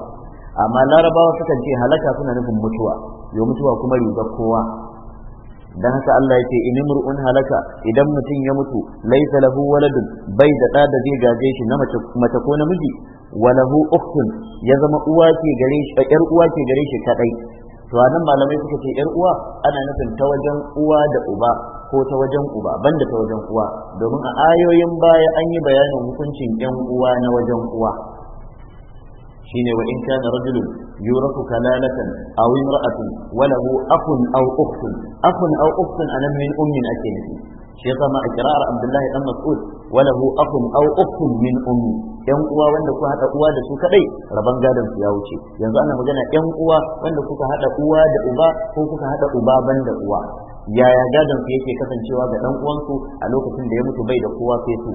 amma larabawa sukan ce halaka suna nufin mutuwa yo mutuwa kuma rigar kowa dan haka Allah yake in mur'un halaka idan mutum ya mutu laisa lahu waladun bai da da zai gaje shi na mace ko namiji walahu ukhtun ya zama uwa ke gare shi yar uwa ke gare shi kadai to wannan malamai suka ce yar uwa ana nufin ta wajen uwa da uba ko ta wajen uba banda ta wajen uwa domin a ayoyin baya an yi bayanin hukuncin yan uwa na wajen uwa shine wa in kana rajul yuraku kalalatan aw imra'atin wa lahu akhun aw ukhtun akhun aw ukhtun anan min ummin ake nufi shi yasa ma a kirar abdullahi dan mas'ud walahu akhun aw ukhtun min ummi yan uwa wanda ku hada uwa da su kadai raban gadon su ya wuce yanzu ana magana yan uwa wanda kuka hada uwa da uba ko kuka hada uba ban da uwa yaya gadon su yake kasancewa ga dan su a lokacin da ya mutu bai da kowa sai su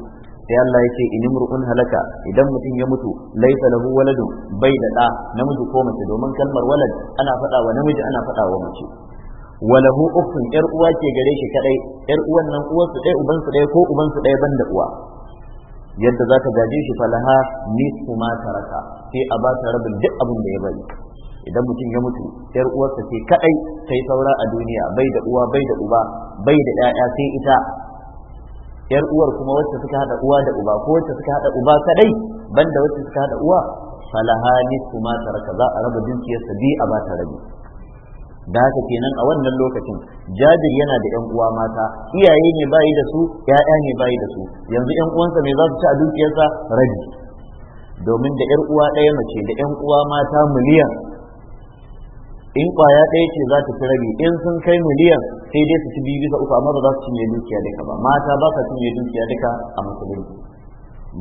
sai Allah yake in imru'un halaka idan mutum ya mutu laisa lahu waladun bai da da namiji ko mace domin kalmar walad ana faɗawa wa namiji ana faɗawa wa mace hu ukhun yar uwa ke gare shi kadai yar uwan nan uwarsu ɗaya ubansu ɗaya ko ubansu ɗaya banda uwa yadda za ta gaje shi falaha nisfu ma taraka sai a ba ta rabin duk abin da ya bari idan mutum ya mutu yar uwarsa ce kadai sai saura a duniya bai da uwa bai da uba bai da ƴaƴa sai ita yar uwar kuma wacce suka hada uwa da uba ko wacce suka hada uba kadai banda wacce suka hada uwa falaha nisfu ma taraka za a raba dukiyarsa bi a ba ta rabi da haka kenan a wannan lokacin jabir yana da yan uwa mata iyaye ne bayi da su ya'ya ne bayi da su yanzu yan uwansa me za su ci a dukiyarsa rabi domin da yar uwa ɗaya mace da yan uwa mata miliyan in kwaya ɗaya ce za ta fi rabi in sun kai miliyan sai dai su ci biyu bisa uku amma ba za su cinye dukiya duka ba mata ba sa cinye dukiya duka a musulunci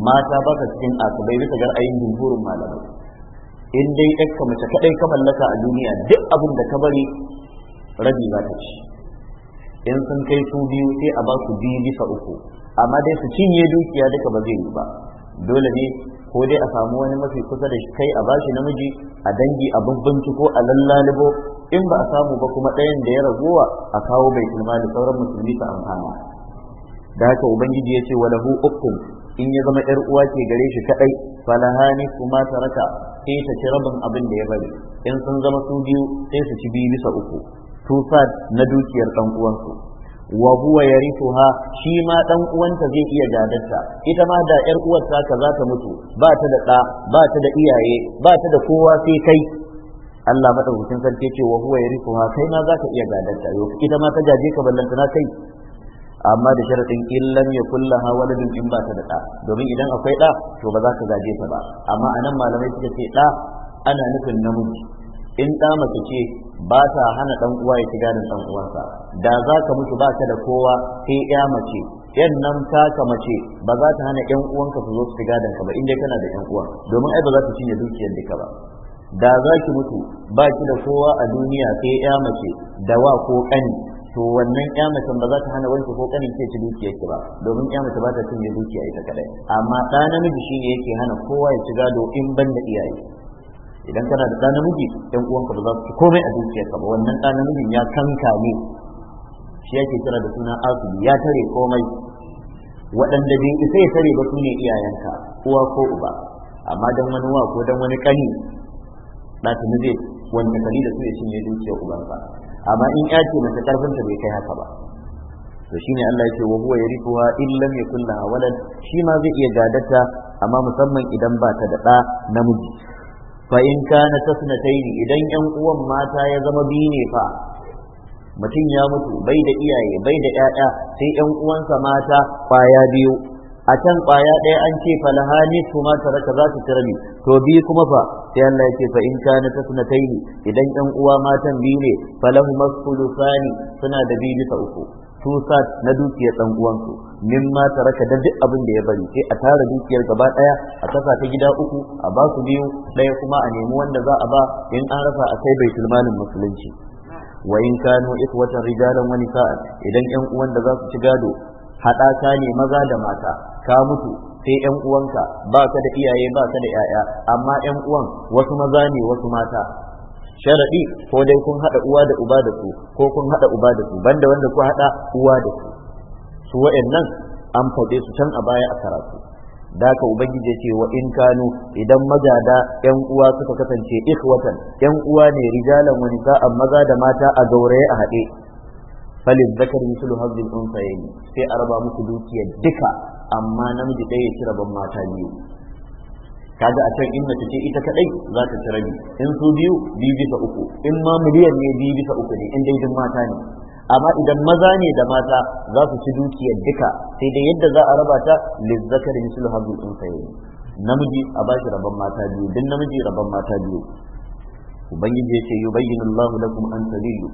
mata ba sa cikin asibai bisa ga ayin jumhurin malamai in dai ɗanka mace kaɗai ka mallaka a duniya duk abin da ka bari rabi za ta ci in sun kai su biyu sai a ba su biyu bisa uku amma dai su cinye dukiya duka ba zai yi ba dole ne ko dai a samu wani mafi kusa da shi kai a bashi namiji a dangi a bambanci ko a lallalibo in ba a samu ba kuma ɗayan da ya ragowa a kawo bai da sauran musulmi ta amfana da haka ubangiji ya ce walahu ukkum in ya zama yar uwa ke gare shi kadai falahani kuma raka sai ta ci rabin abin da ya bari in sun zama su biyu sai su ci biyu bisa uku sa na dukiyar dan uwansu wa huwa yarithuha shi ma dan uwanta zai iya gadarta ita ma da yar uwar ta za ta mutu ba ta da ɗa ba ta da iyaye ba ta da kowa sai kai Allah madaukakin sarki ce wa huwa yarithuha kai ma za ka iya gadarta yau ita ma ta gaje ka ballantana kai amma da sharadin illan ya kullaha waladun in ba ta da ɗa domin idan akwai ɗa to ba za ka gaje ta ba amma anan malamai suka ce ɗa ana nufin namiji in ɗa mace ce ba ta hana ɗan uwa ya ci gadon ɗan uwansa da za ka mutu ba ka da kowa sai ya mace yan nan ta ka mace ba za ta hana yan uwanka su zo su shiga da ka ba in dai kana da yan uwa domin ai ba za ta cinye dukiyar duka ba da za ki mutu ba ki da kowa a duniya sai ya mace da wa ko kani to wannan ya ba za ta hana wanki ko kanin ke ci dukiyar ki ba domin kyamata ba ta cin da dukiya ita kadai amma ɗa namiji shine yake hana kowa ya ci gado in ban da iyaye idan kana da ɗa namiji ɗan uwanka ba za su ci komai a ka ba wannan ɗa namijin ya kanka ne shi yake kira da suna asibi ya tare komai waɗanda bai isa ya tare ba su ne iyayenka uwa ko uba amma dan wani wa ko dan wani kani ɗa zai wanda kani da su ya cinye dukiyar ubansa amma in ya ce mace karfinta bai kai haka ba to shine Allah yake wa huwa yarithuha in lam yakul a walad shi ma zai iya gadata amma musamman idan ba ta da ɗa namiji fa in kana tasnataini idan yan uwan mata ya zama biyu ne fa mutum ya mutu bai da iyaye bai da 'ya'ya, sai yan uwansa mata kwaya biyu a can kwaya ɗaya an ce falaha su ma taraka za su tirani to biyu kuma fa sai Allah ya ce fa in kana taini idan ɗan uwa matan biyu ne falahu sani suna da biyu bisa uku sa na dukiyar ɗan uwansu min ma taraka da duk abin da ya bari sai a tara dukiyar gaba ɗaya a kasa ta gida uku a ba su biyu ɗaya kuma a nemi wanda za a ba in an rasa a kai bai tilmanin musulunci wa in kanu ikwatan rijalan wani sa'a idan ƴan uwan da za su ci gado haɗaka ne maza da mata ka mutu sai yan uwanka ba ka da iyaye ba ka da yaya amma yan uwan wasu maza ne wasu mata sharadi ko dai kun hada uwa da uba da su ko kun hada uba da su banda wanda ku hada uwa da su su wa'annan an faɗe su can a baya a karatu da ka ubangiji ce wa in kanu idan magada yan uwa suka kasance ikhwatan yan uwa ne rijalan wani sa'an maza da mata a gauraye a haɗe falin zakar mislu hazzil ne sai a raba muku dukiyar duka amma namiji ɗaya ya ci rabon mata biyu kaga a can in ta ce ita kadai za ta ci rabi in su biyu biyu bisa uku in ma miliyan ne biyu bisa uku ne in daidin mata ne amma idan maza ne da mata za su ci dukiyar duka sai dai yadda za a raba ta lizzakar mislu hazzil ne. namiji a bashi rabon mata biyu duk namiji rabon mata biyu ubangiji ya ce bayyana Allahu lakum an tadilu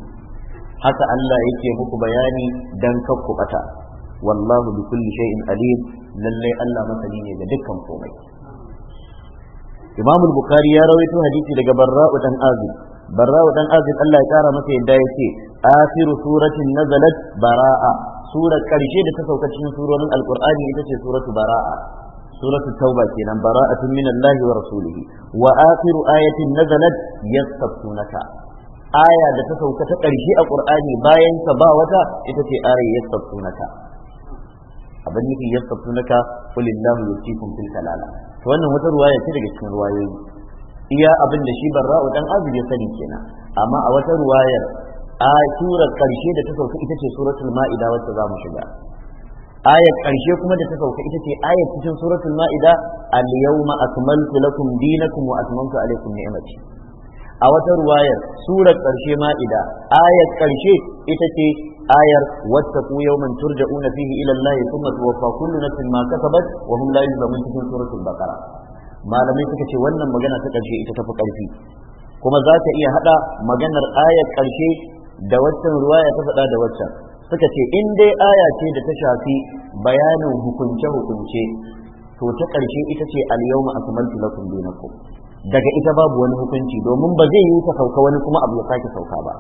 haka Allah yake muku bayani dan kakku bata wallahu bi kulli shay'in alim lalle Allah masani ne da dukkan komai Imam al-Bukhari ya rawaito hadisi daga Barra'u dan Azib Barra'u dan Azib Allah ya kara masa yadda yake akhiru suratin nazalat bara'a sura karshe da ta sauka cikin surorin alqur'ani ita ce suratu bara'a suratu tauba kenan bara'atun min Allah wa rasulihi wa akhiru ayatin nazalat yastaftunaka aya da ta sauka ta ƙarshe a ƙur'ani bayan ta ba wata ita ce ayar sunaka abin nufi yasta sunaka kulillahu yusikum fil kalala to wannan wata ruwaya ce daga cikin ruwayoyi iya abin da shi barra'u dan azib ya sani kenan amma a wata ruwayar a surar ƙarshe da ta sauka ita ce suratul ma'ida wacce za mu shiga ayar ƙarshe kuma da ta sauka ita ce ayar cikin suratul ma'ida al yawma akmaltu lakum dinakum wa atmamtu alaykum ni'mati a wata ruwayar surar ƙarshe ma'ida ayar ƙarshe ita ce ayar man turja una fihi ila Allah kuma tuwaffa kullu nafsin ma kasabat wa hum la yuzlamun cikin sun bakara malamai suka ce wannan magana ta ƙarshe ita tafi ƙarfi kuma za ta iya haɗa maganar ayar ƙarshe da waccan ruwaya ta faɗa da waccan suka ce in dai aya ce da ta shafi bayanin hukunce-hukunce to ta ƙarshe ita ce al-yawma akmaltu lakum dinakum daga ita babu wani hukunci domin ba zai yi ta sauka wani kuma abu ya sake sauka ba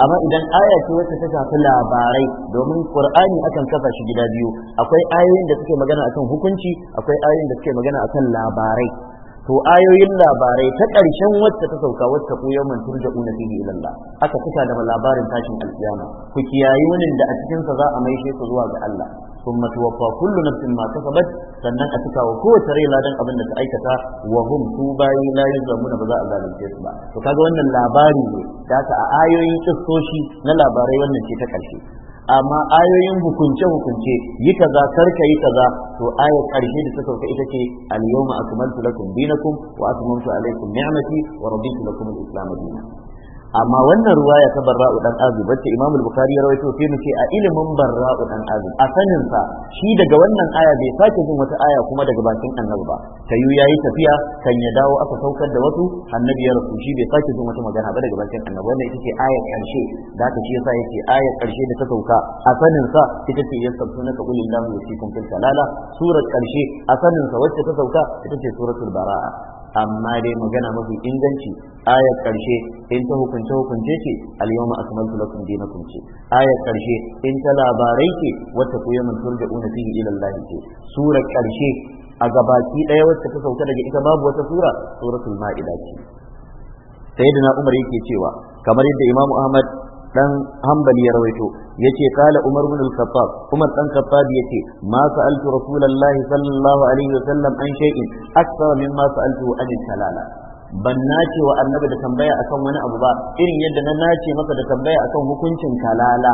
amma idan aya ce wacce ta shafi labarai domin qur'ani akan kasa shi gida biyu akwai ayoyin da suke magana akan hukunci akwai ayoyin da suke magana akan labarai to ayoyin labarai ta ƙarshen wacce ta sauka wacce ku yawan turja una fihi ila aka kusa da labarin tashin alkiyama ku kiyayi wannan da a cikin sa za a maishe su zuwa ga Allah ثم توفى كل نفس ما كسبت sannan a cika wa kowace rai ladan abin da ta aikata wa hum su bayi la yuzlamuna ba za a zalunce su ba to kaga wannan labari ne da ta a ayoyin kissoshi na labarai wannan ce ta karshe amma ayoyin hukunce hukunce yi kaza karka yi kaza to aya karshe da ta sauka ita ce al yawma akmaltu lakum dinakum wa atmamtu alaykum ni'mati wa raditu lakum al-islam dinan amma wannan ya ta barra'u dan azib wacce imamul bukhari ya rawaito sai mu ce a ilimin barra'u dan azib a sanin sa shi daga wannan aya bai sake jin wata aya kuma daga bakin annabi ba kayu yayi tafiya kan ya dawo aka saukar da wasu annabi ya rasu shi bai sake jin wata magana ba daga bakin annabi wannan ita ce aya karshe da aka shi yasa yake aya karshe da ta sauka a sanin sa ita ce yasabtunaka qulillahu yusikum fil kalala surar karshe a sanin sa wacce ta sauka ita ce suratul bara'a amma dai magana mafi inganci ayar karshe in ta hukunce hukunce ce al-yawma akmaltu lakum dinakum ce ayar karshe in ta labarai ce wata ku yamin turja'una fihi ila Allah ce sura karshe a gabaki daya wacce ta sauka daga ita babu wata sura suratul ma'ida ce sayyidina umar yake cewa kamar yadda imamu ahmad dan hanbali ya rawaito yace kala umar ibn al-khattab umar dan khattab yace ma sa'altu rasulullahi sallallahu alaihi sallam an shay'in akthar mimma sa'altu an salala ban nace wa annabi da tambaya akan wani abu ba irin yadda na nace masa da tambaya akan hukuncin kalala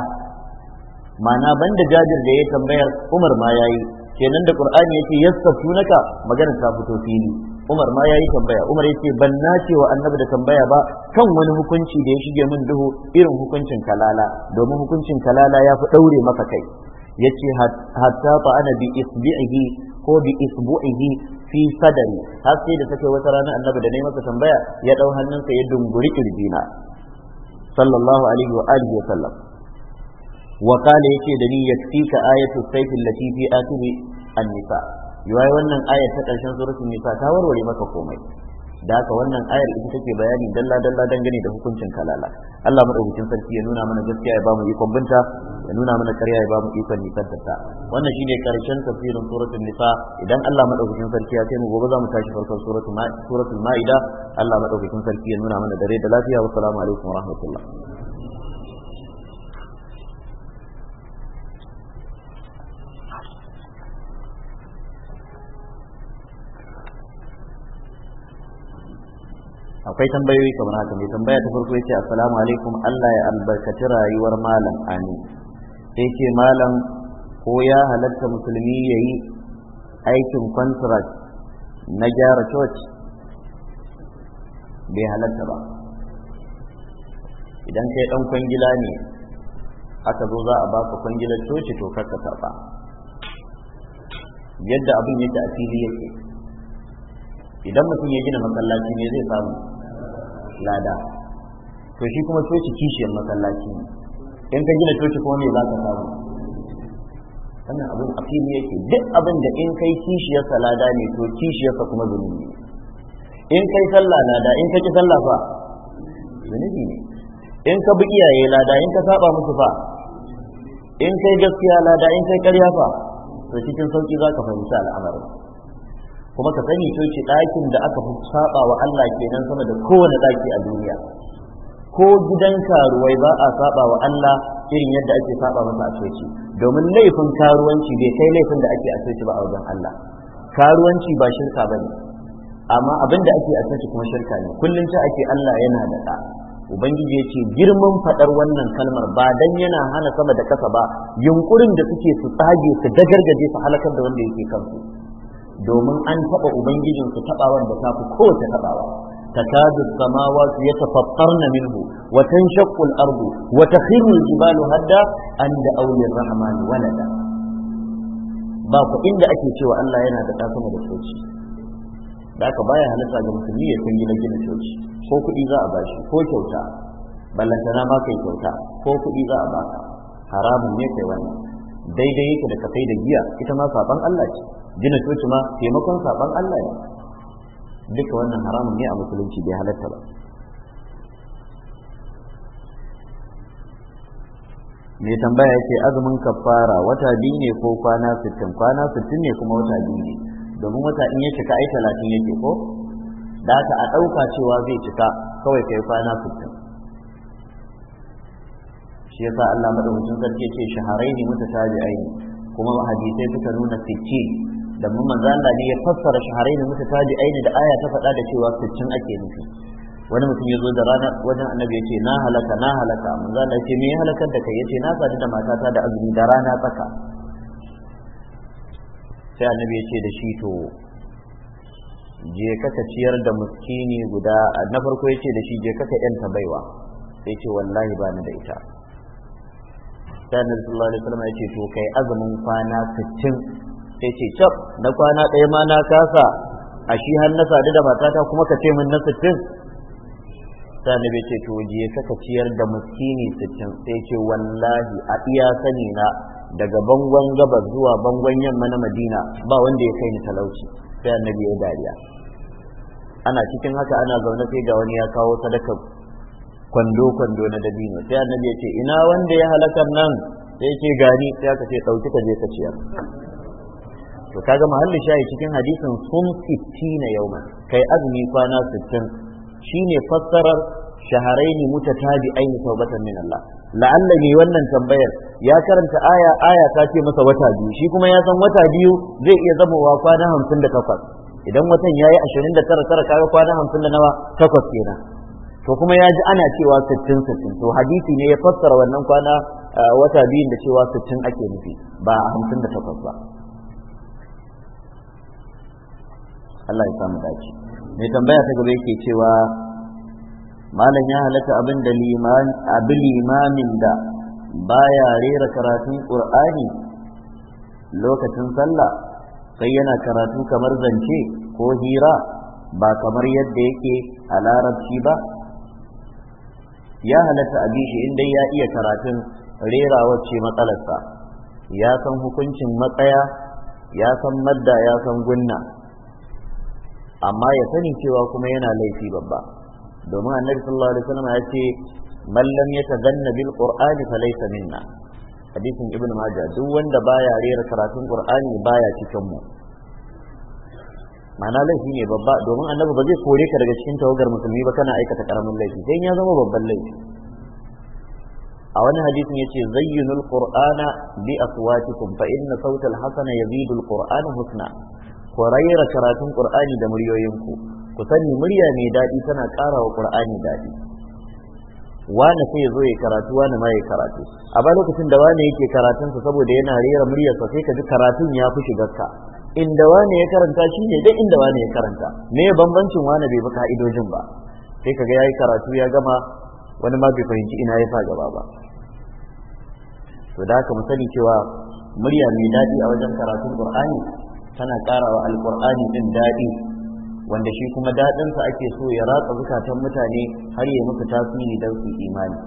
ma'ana banda jajir da ya tambayar umar ma yayi kenan da qur'ani yace yastafunaka magana ta fito fili Umar ma ya yi tambaya Umar ya ce ban na ce wa annabi da tambaya ba kan wani hukunci da ya shige min duhu irin hukuncin kalala domin hukuncin kalala ya fi daure maka kai yace hatta fa ana bi isbi'ihi ko bi isbu'ihi fi sadari har sai da take wata rana annabi da nayi masa tambaya ya dau hannunka ya dunguri kirjina sallallahu alaihi wa alihi wa sallam wa qala yace da ni ya ayatu sayfi latifi fi atbi an-nisa' yiwai wannan ayar ta ƙarshen suratul nisa ta warware maka komai da haka wannan ayar ita take bayani dalla dalla dangane da hukuncin kalala Allah madaukakin sarki ya nuna mana gaskiya ya bamu ikon binta ya nuna mana ƙarya ya bamu ikon nisantar ta wannan shine karshen tafsirin suratul nisa idan Allah madaukakin sarki ya mu gobe za mu tashi farkon suratul maida Allah madaukakin sarki ya nuna mana dare da lafiya wassalamu alaikum warahmatullahi akwai tambayoyi kamar haka mai tambaya ta farko yace assalamu alaikum Allah ya albarkaci rayuwar malam amin sai malam ko ya halatta musulmi yayi aikin contract na gyara church bai halatta ba idan kai dan kwangila ne aka zo za a baka kwangilar coci to ka karba yadda abin yake a fili yake idan mutum ya gina masallaci ne zai samu lada to shi kuma coci kishiyar masallaci ne in ka gina coci kuma me za ka samu wannan abin a fili yake duk abin da in kai kishiyar lada ne to kishiyarsa kuma zunubi ne in kai sallah lada in ka ki sallah fa zunubi ne in ka bi iyaye lada in ka saba musu fa in kai gaskiya lada in kai karya fa to cikin sauki za ka fahimci al'amarin kuma ka sani to ce ɗakin da aka fi saba wa Allah kenan sama da kowane ɗaki a duniya ko gidan karuwai ba a saba wa Allah irin yadda ake saba masa a coci domin laifin karuwanci bai kai laifin da ake a coci ba a wajen Allah karuwanci ba shirka bane amma abin da ake a coci kuma shirka ne kullum ta ake Allah yana da ɗa ubangiji ya ce girman faɗar wannan kalmar ba dan yana hana sama da ƙasa ba yunkurin da suke su tsage su dagargaje su halakar da wanda yake kansu domin an taɓa ubangijinsu taɓawar da fi kowace taɓawa تكاد السماوات يتفطرن منه وتنشق الأرض وتخر الجبال هدا أن دعوا للرحمن ولدا باكو إن ake cewa Allah yana da kasama da coci da aka baya halitta ga musulmi ya san gina gina coci ko kuɗi za a bashi ko kyauta ballantana ma kai kyauta ko kuɗi za a baka haramun ne kai wannan daidai yake da kafai da giya ita ma saban Allah ce gina coci ma taimakon saban Allah ne duka wannan haramun ne a musulunci bai halatta ba mai tambaya ce azumin kafara wata biyu ne ko kwana sittin kwana sittin ne kuma wata biyu ne domin wata in ya cika ai talatin yake ko da ta a ɗauka cewa zai cika kawai kai kwana sittin shi yasa Allah madaukakin sarki ce shaharai ne aini. kuma hadisai suka nuna sittin da manzo Allah ne ya fassara shahrayn mutatabi aini da aya ta faɗa da cewa sittin ake nufi wani mutum ya zo da rana wajen annabi ya ce na halaka na halaka manzo Allah ce me ya halakar da kai ya ce na sadu da matata da azumi da rana tsaka sai annabi ya ce da shi to je kaka ciyar da muskini guda na farko ya ce da shi je kaka yanta baiwa sai ce wallahi ba ni da ita sai annabi sallallahu alaihi wasallam ya ce to kai azumin kwana 60 sai ce cap na kwana ɗaya ma na kasa a shi har na sadu da matata kuma ka ce min na sittin Sani bai ce to je ka ciyar da miskini sittin sai ce wallahi a iya sani na daga bangon gabas zuwa bangon yamma na madina ba wanda ya kai ni talauci sai annabi ya dariya ana cikin haka ana zaune sai ga wani ya kawo sadaka kwando kwando na dabino sai annabi ya ce ina wanda ya halakar nan sai ce gani sai aka ce dauki ka je ka ciyar to kaga mahallin shayi cikin hadisin sun sittina yauma kai azumi kwana sittin shine fassarar tabi aini tawbatan min Allah la'alla ne wannan tambayar ya karanta aya aya ta ce masa wata biyu shi kuma ya san wata biyu zai iya zama wa kwana hamsin da takwas idan watan ya yi ashirin da tara tara kaga kwana hamsin da nawa takwas kenan to kuma ya ji ana cewa sittin sittin to hadisi ne ya fassara wannan kwana ah, wata biyun da cewa sittin ake nufi ba hamsin da takwas ba Allah ya samu dace mai tambaya ta gaba yake cewa malam ya halarta abin da abin limamin da baya rera karatun qur'ani lokacin sallah sai yana karatu kamar zance ko hira ba kamar yadda yake a larabci ba ya halatta a shi inda ya iya karatun rera wacce matsalarsa ya san hukuncin matsaya ya san madda ya san gunna amma ya sani cewa kuma yana laifi babba domin annabi sallallahu alaihi wasallam ya ce man lam yatadanna bil qur'ani falaysa minna hadisin ibnu majah duk wanda baya rera karatun qur'ani baya cikin mu ma'ana laifi ne babba domin annabi ba zai kore ka daga cikin tawagar musulmi ba kana aikata karamin laifi sai ya zama babban laifi a wani hadisin ce zayyinul qur'ana bi aswatikum fa inna sautal hasana yazidul qur'ana husna ku raira karatun qur'ani da muryoyinku ku sani murya mai daɗi tana ƙara wa qur'ani daɗi wani sai zo ya karatu wani ma ya karatu a ba lokacin da wani yake karatunsa saboda yana rera muryarsa sai ka ji karatun ya fi shigarka inda wani ya karanta shi ne dai inda wani ya karanta me bambancin wani bai bi ka'idojin ba sai kaga yayi karatu ya gama wani ma bai fahimci ina ya sa gaba ba to da haka mu sani cewa murya mai daɗi a wajen karatun qur'ani tana ƙarawa alƙur'ani din daɗi wanda shi kuma daɗinsa ake so ya ratsa zukatan mutane har ya musu tasiri don su imani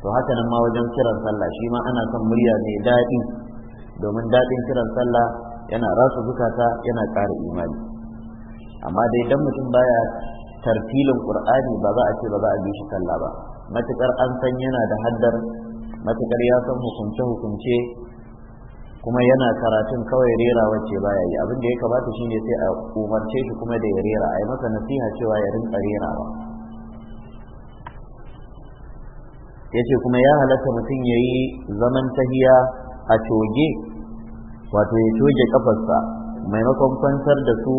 to haka nan ma wajen kiran sallah shi ma ana son murya mai daɗi domin daɗin kiran sallah yana ratsa zukata yana ƙara imani amma dai dan mutum baya tartilin qur'ani ba za a ce ba za a bi shi sallah ba matukar an san yana da haddar matukar ya san hukunce hukunce kuma yana karatun kawai rera wacce baya yi abin da ya kamata shi ne sai a umarce shi kuma da ya rera a yi masa nasiha cewa ya rinka rerawa ya ce kuma ya halatta mutum ya yi zaman tahiya a coge wato ya coge kafarsa maimakon kwantar da su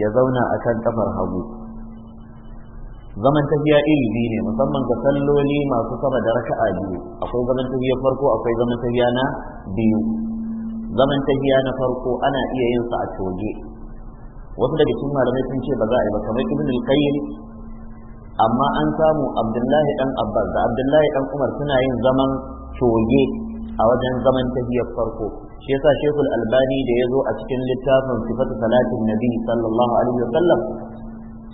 ya zauna a kan kafar hagu zaman tahiya iri biyu ne musamman ga salloli masu sama da raka'a biyu akwai zaman tahiya farko akwai zaman tahiya na biyu zaman tahiya na farko ana iya yin sa a coge wasu daga cikin malamai sun ce ba za a yi ba kamar ibn al-qayyim amma an samu abdullahi dan abbas da abdullahi dan umar suna yin zaman coge a wajen zaman tahiyar farko shi yasa shekul albani da ya zo a cikin littafin sifatu salatin nabi sallallahu alaihi wasallam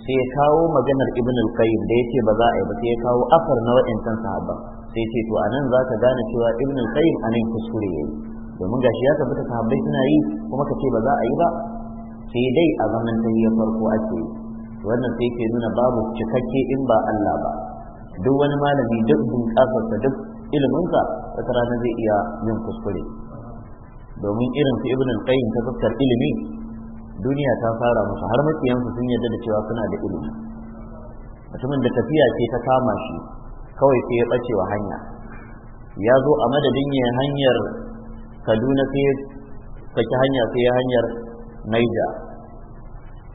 sai ya kawo maganar ibn al-qayyim da yace ba za a yi ba sai ya kawo afar na wa'ancan sahaba sai ce to anan zaka gane cewa ibn al-qayyim anan kuskure yayi domin gashi ya tabbata sahabbai suna yi kuma ka ce ba za a yi ba sai dai a zaman tahiyar farko ake yi wannan sai ke nuna babu cikakke in ba Allah ba duk wani malami duk bunƙasarsa duk iliminsa wata rana zai iya yin kuskure domin irin su ibn al ta fuskar ilimi duniya ta fara musu har makiyansu sun yarda da cewa suna da ilimi mutumin da tafiya ce ta kama shi kawai sai ya bace wa hanya ya zo a madadin ya hanyar kaduna sai ya saki hanya sai ya hanyar naija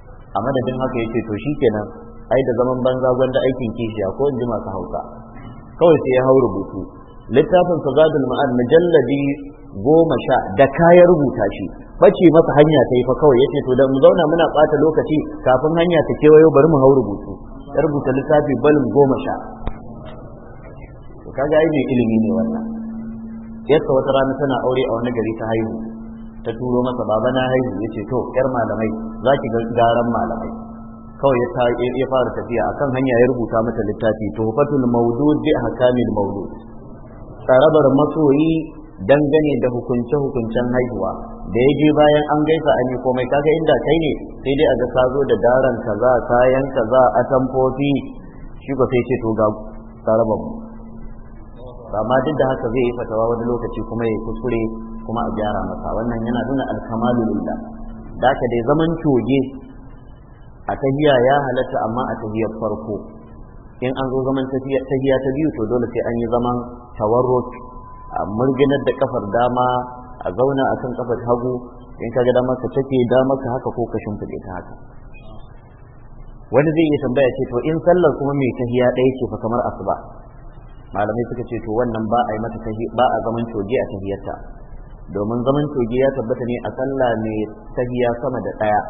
a madadin haka ya ce to shi kenan ai da zaman banza gwanda aikin kishiya ko in ji masu hausa kawai sai ya hau rubutu littafin sadadul ma'ad mujalladi goma sha da kaya rubuta shi face masa hanya ta yi fa kawai yace to da mu zauna muna ɓata lokaci kafin hanya ta kewayo bari mu hau rubutu ya rubuta littafi balin goma sha kaga ai mai ilimi ne wannan yadda wata rana tana aure a wani gari ta haihu ta turo masa baba na haihu ya ce to yar malamai za ki garan malamai kawai ya fara tafiya akan hanya ya rubuta mata littafi Maudu zai bi ahkamil Maudu. tsarabar masoyi dangane da hukunce hukuncen haihuwa da ya je bayan an gaisa an yi komai kaga inda kai ne sai dai a ga sazo da daran kaza kayan kaza a tamfofi shi ko sai ce to ga tsarabar mu amma duk da haka zai yi fatawa wani lokaci kuma ya kuskure kuma a gyara masa wannan yana nuna alkamalu lillah da ka dai zaman coge a tahiya ya halatta amma a tahiyar farko in an zo zaman tahiya ta biyu to dole sai an yi zaman tawarruk a murginar da kafar dama a zauna a kan kafar hagu in ka ga damar ka take damar ka haka ko ka shimfiɗe ta haka wani zai iya tambaya ce to in sallar kuma mai tahiya ɗaya ce fa kamar asuba malamai suka ce to wannan ba a yi mata ba a zaman coge a tahiyarta domin zaman coge ya tabbata ne a sallah mai tahiya sama da ɗaya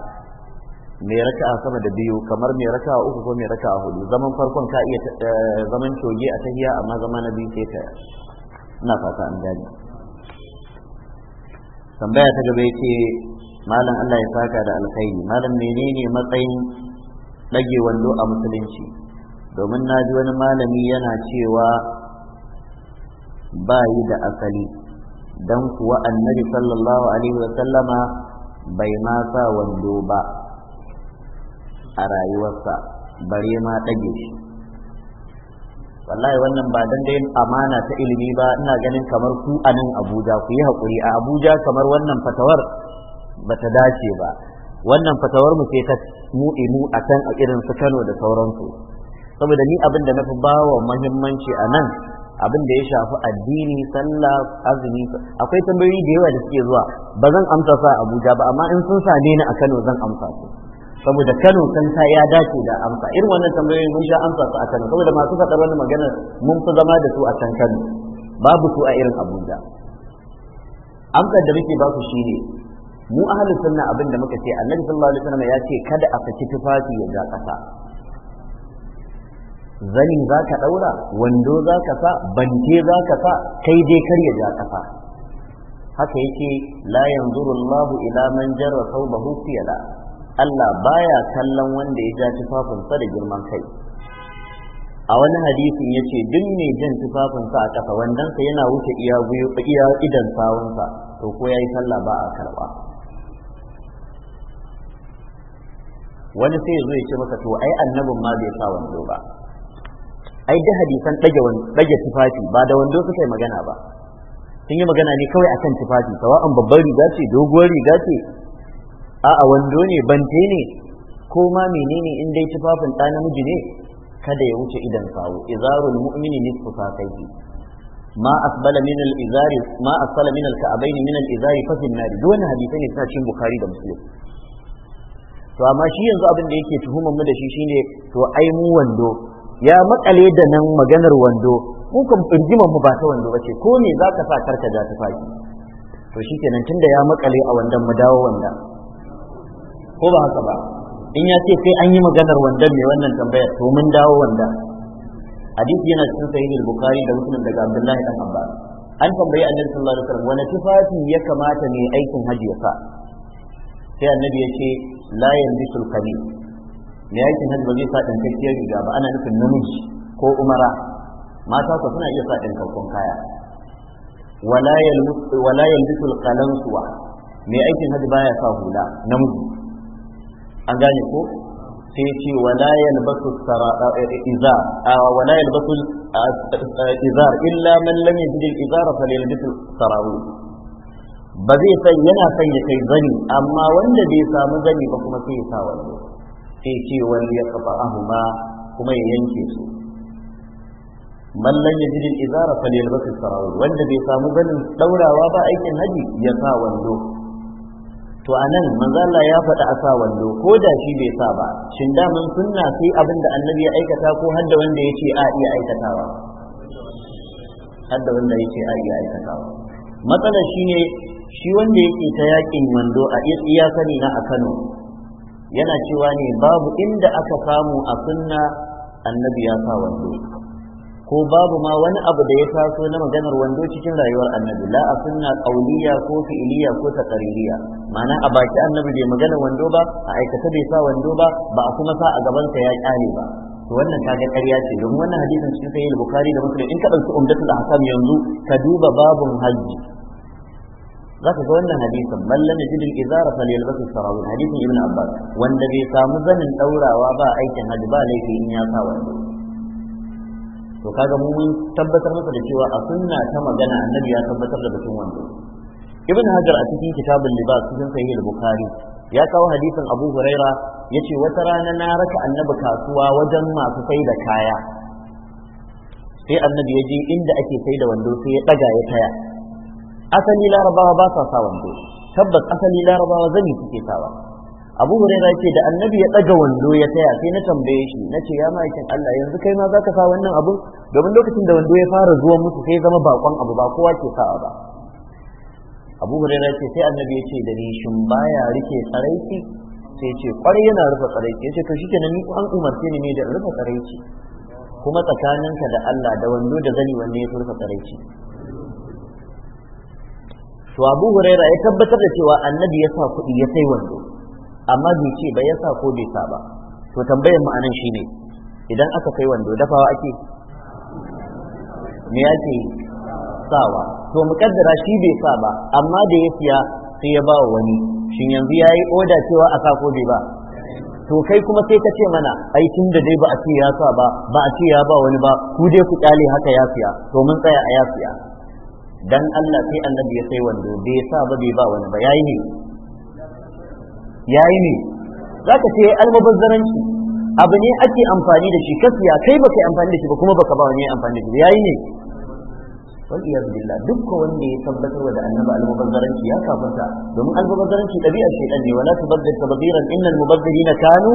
mai raka'a sama da biyu kamar mai raka'a uku ko mai raka'a hudu zaman farkon ka iya eh, zaman coge a tahiya amma zama na biyu sai ka ina fata an gane tambaya ta gaba ce malam Allah ya saka da alkhairi malam menene matsayin dage wando a musulunci domin na ji wani malami yana cewa ba yi da asali don kuwa annabi sallallahu alaihi wasallama bai ma sa wando ba a rayuwarsa bare ma ɗage shi wallahi wannan ba dan dai amana ta ilimi ba ina ganin kamar ku a nan abuja ku yi haƙuri a abuja kamar wannan fatawar ba ta dace ba wannan fatawar mu sai ta mu'inu a can a irin su kano da sauransu saboda ni abin da na fi bawa muhimmanci a nan abin da ya shafi addini sallah azumi akwai tambayoyi da yawa da suke zuwa ba zan amsa sa Abuja ba amma in sun same ni a Kano zan amsa su saboda Kano san ta ya dace da amsa irin wannan tambayoyin mun sha amsa su a Kano saboda masu faɗar wannan magana mun fi zama da su a can Kano babu su a irin Abuja amsar da muke ba su shine mu ahlus sunna abin da muka ce annabi sallallahu alaihi wasallam ya ce kada a saki tufafi ya ga kasa zani za ka ɗaura wando za ka sa Bante za ka sa kai dai karya ja ƙasa haka yake la yanzuru Allahu ila man jarra thawbahu fiyala Allah baya kallon wanda ya ja tufafinsa da girman kai a wani hadisin ya ce duk mai jan tufafinsa a ƙasa sa yana wuce iya guyo iya to ko ya sallah ba a karɓa wani sai ya zo ya ce maka to ai annabin ma bai sa wando ba ai da hadisan dage dage tufafi ba da wando suka yi magana ba sun yi magana ne kawai akan tufafi sawa'an babbar riga ce doguwar riga ce a'a wando ne bante ne ko ma menene in dai tufafin ɗa namiji ne kada ya wuce idan sawu izarul mu'mini nisfu fakaihi ma asbala min al izari ma asbala min al ka'abaini min al izari fa fil nar duk wannan hadisi ne suna cikin bukhari da muslim to amma shi yanzu abin da yake tuhumar mu da shi shine to ai mu wando ya makale da nan maganar wando kuka kan mu ba ta wando ba ce ko me za ka sa karka ja tufafi to shi tunda ya makale a wandan mu dawo wanda ko ba haka ba in ya ce sai an yi maganar wandan mai wannan tambaya to mun dawo wanda hadisi yana cikin sahih al-bukhari da muslim daga abdullahi dan abbas an tambayi annabi sallallahu alaihi wasallam wani tufafi ya kamata ne aikin hajji ya sa sai annabi ya ce la yanbisul qamis mai aikin hajji ba zai sa ɗankakkiyar riga ba ana nufin namiji ko umara mata ku suna iya sa ɗankakkun kaya wala yalbisu alqalansuwa mai aikin hajji ya sa hula namiji an gane ko sai ce wala yalbasu eh, eh, izar wala yalbasu izar illa man lam yajid al-izar fa yalbisu sarawi ba zai san yana san ya kai zani amma wanda bai samu zani ba kuma sai ya sa wando sai ce wani ya kafa ahuma kuma ya yanke su mallan ya jirin izara fa lil bakr sarawul wanda bai samu ganin daurawa ba aikin haji ya sa wando to anan manzo Allah ya faɗi a sa wando ko da shi bai sa ba shin da mun sunna sai abin da annabi ya aikata ko har da wanda yace a iya aikatawa har da wanda yace a iya aikatawa matsalar shine shi wanda yake ta yakin wando a iya sani na a Kano yana cewa ne babu inda aka samu a sunna annabi ya sa wando ko babu ma wani abu da ya taso na maganar wando cikin rayuwar annabi la a sunna qauliya ko fi'iliya ko takaririya ma'ana a baki annabi bai maganar wando ba a aikata bai sa wando ba ba a kuma sa a gaban sa ya kyale ba to wannan kaga ƙarya ce domin wannan hadisin cikin sahih bukhari da muslim in ka dauki umdatul ahkam yanzu ka duba babun hajji zaka ga wannan hadisin mallan yajid izara falyalbas sarawin hadisin ibnu abbas wanda bai samu zanin daurawa ba aikin hajji ba laifi ya sa wando to kaga mu mun tabbatar masa da cewa a sunna ta magana annabi ya tabbatar da batun wando ibn hajar a cikin kitabul libas cikin sahih bukhari ya kawo hadisin abu huraira yace wata rana na raka annabi kasuwa wajen masu sai da kaya sai annabi ya je inda ake sai da wando sai ya daga ya taya asali larabawa ba sa sa wando tabbas asali larabawa zan yi suke sawa abu huraira ce da annabi ya ɗaga wando ya taya sai na tambaye shi na ce ya ma'aikin allah yanzu kai ma zaka sa wannan abu? domin lokacin da wando ya fara zuwa musu sai zama bakon abu ba kowa ke sawa ba abu huraira ce sai annabi ya ce da ni shin baya rike tsaraiki sai ce kwarai yana rufe tsaraiki ya ce to na ni an umarce ni ne da rufe tsaraiki kuma tsakaninka da allah da wando da zani wanne ya rufe tsaraiki to abu huraira ya tabbatar da cewa annabi ya sa kuɗi ya sai wando amma bai ce ba ya sa ko bai sa ba to tambayar ma'anan shi ne idan aka kai wando dafawa ake me ake sawa to muƙaddara shi bai sa ba amma da ya siya sai ya ba wani shin yanzu ya yi oda cewa a sa ko bai ba to kai kuma sai ka ce mana ai tun da dai ba a ce ya sa ba ba a ce ya ba wani ba ku dai ku kyale haka ya siya to mun tsaya a ya siya dan Allah sai annabi ya sai wando bai sa ba bai ba wani ba yayi ne yayi ne zaka ce almubazzaranci abu ne ake amfani da shi kasiya kai baka yi amfani da shi ba kuma baka ba wani amfani da shi yayi ne wal iyad billah dukkan wanda ya tabbatar da annabi almubazzaranci ya kafirta domin almubazzaranci dabi'a shaytan ne wala tubaddil tabdiran innal mubaddilina kanu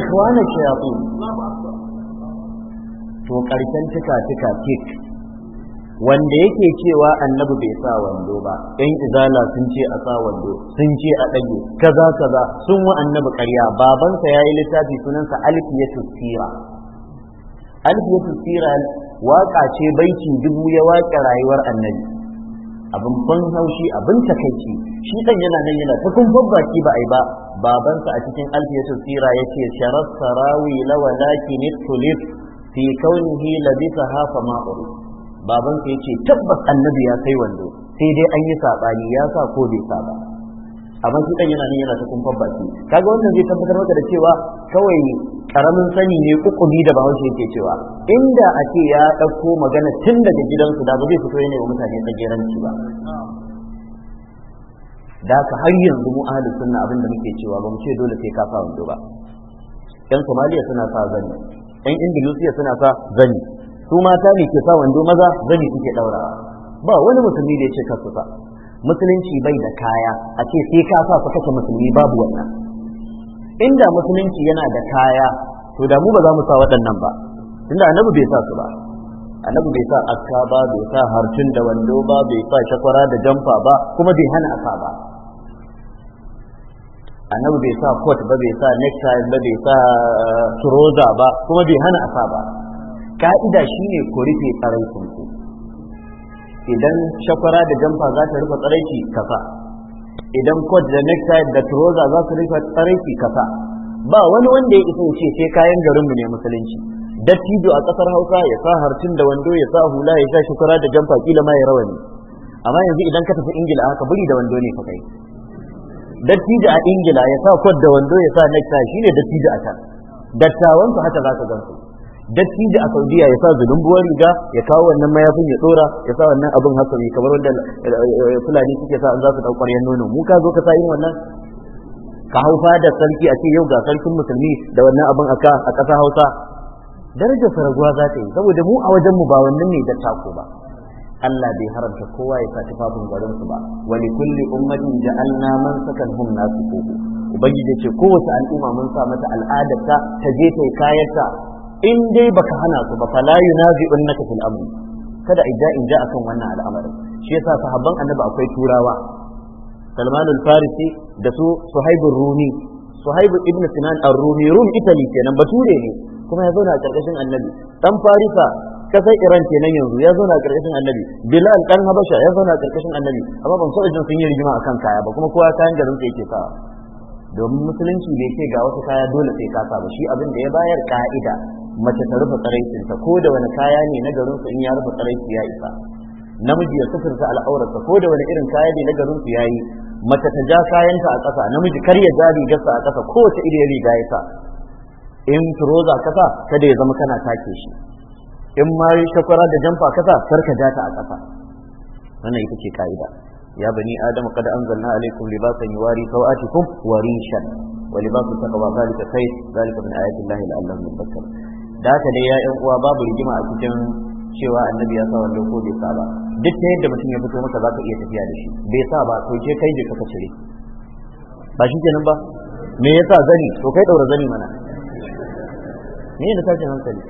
ikhwana shayatin to karshen tuka tuka tik wanda yake cewa annabi bai sa wando ba ɗan izala sun ce a sa wando sun ce a ɗage kaza kaza sun wa annabi ƙarya babansa ya yi littafi sunansa alfiyatu sira ya sira waƙa ce baiki dubu ya waƙa rayuwar annabi abin ban haushi abin takaici shi ɗan yana nan yana ta kun baki ba ai ba babansa a cikin alfiyatu ya yace sharar sarawi Laki, tulif fi kaunihi labisa hafa ma'ruf Baban ya ce tabbas annabi ya sai wando sai dai an yi saɓani ya sa ko bai sa ba amma shi kan yana nan yana ta kumfan baki kaga wannan zai tabbatar maka da cewa kawai karamin sani ne kukumi da bahaushe yake cewa inda a ce ya ɗauko magana tun daga gidansu da ba zai fito yana wa mutane tsageranci ba da ka har yanzu mu ahli sunna abin da muke cewa ba mu ce dole sai ka sa wando ba yan somaliya suna sa zani yan indonesia suna sa zani su mata ne ke sa wando maza zani suke ɗaura ba wani musulmi da ya ce ka su sa musulunci bai da kaya a ce sai ka sa su kashe musulmi babu wannan inda musulunci yana da kaya to da mu ba za mu sa waɗannan ba tunda annabi bai sa su ba annabi bai sa aska ba bai sa harcin da wando ba bai sa shakwara da jamfa ba kuma bai hana asa ba annabi bai sa coat ba bai sa necktie ba bai sa eh, trouser ba kuma bai hana asa ba ka'ida shi ne ku rufe tsaraicin ku idan shakwara da jamfa za ta rufe tsaraici kasa idan kod da necktie da trouser za su rufe tsaraici kasa ba wani wanda ya isa ce sai kayan garinmu ne musulunci dattijo a kasar hausa ya sa harcin da wando ya sa hula ya sa shakwara da jamfa kila ma ya rawani amma yanzu idan ka tafi ingila haka buri da wando ne fa kai dattijo a ingila ya sa kod da wando ya sa necktie shine dattijo a can dattawan su haka za ka gansu dattijo a saudiya ya sa zulumbuwar riga ya kawo wannan mayafin ya tsora ya sa wannan abin haka mai kamar wanda eh, fulani suke sa an za su dau ƙwaryar nono mu ka zo ka sa yin wannan ka hau da sarki a ce yau ga sarkin musulmi da wannan abin a ƙasa hausa darajar saraguwa za ta yi saboda mu a wajen mu ba wannan ne da tako ba Allah bai haramta kowa ya sace kafin garin su ba wa li kulli ummatin ja'alna man sakan hum nasu ubangiji ce kowace al'umma mun sa mata al'adarta ta je ta kayarta in dai baka hana su ba fala yunazi'unnaka fil amri kada ija in ja akan wannan al'amarin shi yasa sahabban annabi akwai turawa Salman al-Farisi da su Suhaib rumi Suhaib ibn Sinan ar-Rumi Rum Italy kenan bature ne kuma ya zauna a karkashin annabi dan Farisa kasai Iran kenan yanzu ya zauna a karkashin annabi Bilal dan Habasha ya zauna a karkashin annabi amma ban so ajin sun yi rigima akan kaya ba kuma kowa kayan garin sa yake sawa domin musulunci ya ce ga wasu kaya dole sai ka ba shi abin da ya bayar ka'ida mace ta rufe tsaraicinta ko da wani kaya ne na garinsu in ya rufe tsaraici ya isa namiji ya sufurta al'aurarsa ko da wani irin kaya ne na garinsu ya yi mace ta ja kayanta a ƙasa namiji kar ya ja rigarsa a ƙasa ko kowace iri ya riga ya sa in turoza kasa kada ya zama kana take shi in ma shakwara da jamfa kasa kar ka ja ta a ƙasa wannan ita ce ka'ida ya bani adamu kada anzalna alaykum, libasan yuwari sawatikum wa rishan ولباس التقوى ذلك خير ذلك من آيات الله لعلهم يذكرون da haka dai ya yan uwa babu rigima a cikin cewa annabi ya sa wanda ko bai sa ba duk ta yadda mutum ya fito maka za ka iya tafiya da shi bai sa ba to ke kai je ka cire ba shi kenan ba me yasa zani to kai daura zani mana me ne tashin hankali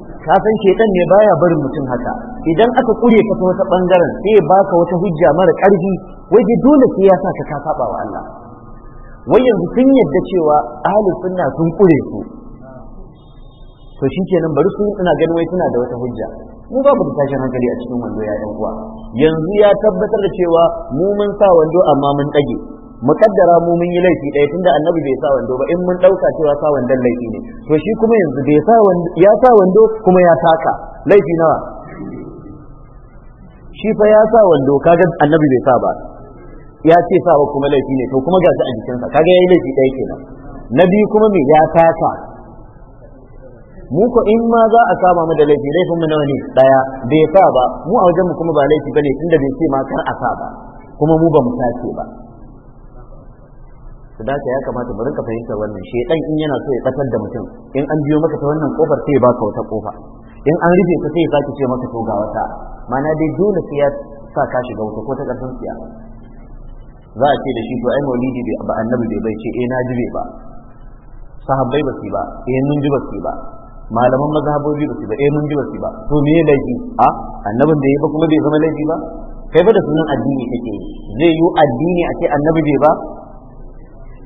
ka san shedan ne baya barin mutum haka idan aka kure ka ta wata bangaren sai baka wata hujja mara karfi waje dole sai ya sa ka ka saba wa Allah wai yanzu sun yadda cewa ahlus sunna sun kure su to shi kenan bari su ina ganin wai suna da wata hujja mu ba mu tashin hankali a cikin wando ya uwa yanzu ya tabbatar da cewa mu mun sa wando amma mun dage muqaddara mu mun yi laifi ɗaya tunda annabi bai sa wando ba in mun ɗauka cewa sa wandon laifi ne to shi kuma yanzu bai sa wando ya sa wando kuma ya saka laifi nawa shi fa ya sa wando kaga annabi bai sa ba ya ce sawa kuma laifi ne to kuma gashi a jikinsa kaga yayi laifi ɗaya kenan na biyu kuma me ya saka mu ko in ma za a kama mu da laifi laifin mu nawa ne daya bai sa ba mu a wajen mu kuma ba laifi bane tunda bai ce ma kar a sa ba kuma mu ba mu sace ba su ya kamata bari ka fahimtar wannan shedan in yana so ya katar da mutum in an biyo maka ta wannan kofar sai baka wata kofa in an rufe ka sai zaki ce maka to ga wata mana dai dole sai ya sa ka shiga wuta ko ta karshen siya za a ce da shi to ai maulidi bai ba annabi bai ce eh na ji bai ba sahabbai ba su ba eh mun ji ba su ba malaman mazhabobi ba su ba eh mun ji ba su ba to me laifi a annabin da yayi ba kuma bai zama laifi ba kai ba da sunan addini kake zai yi addini a ce annabi bai ba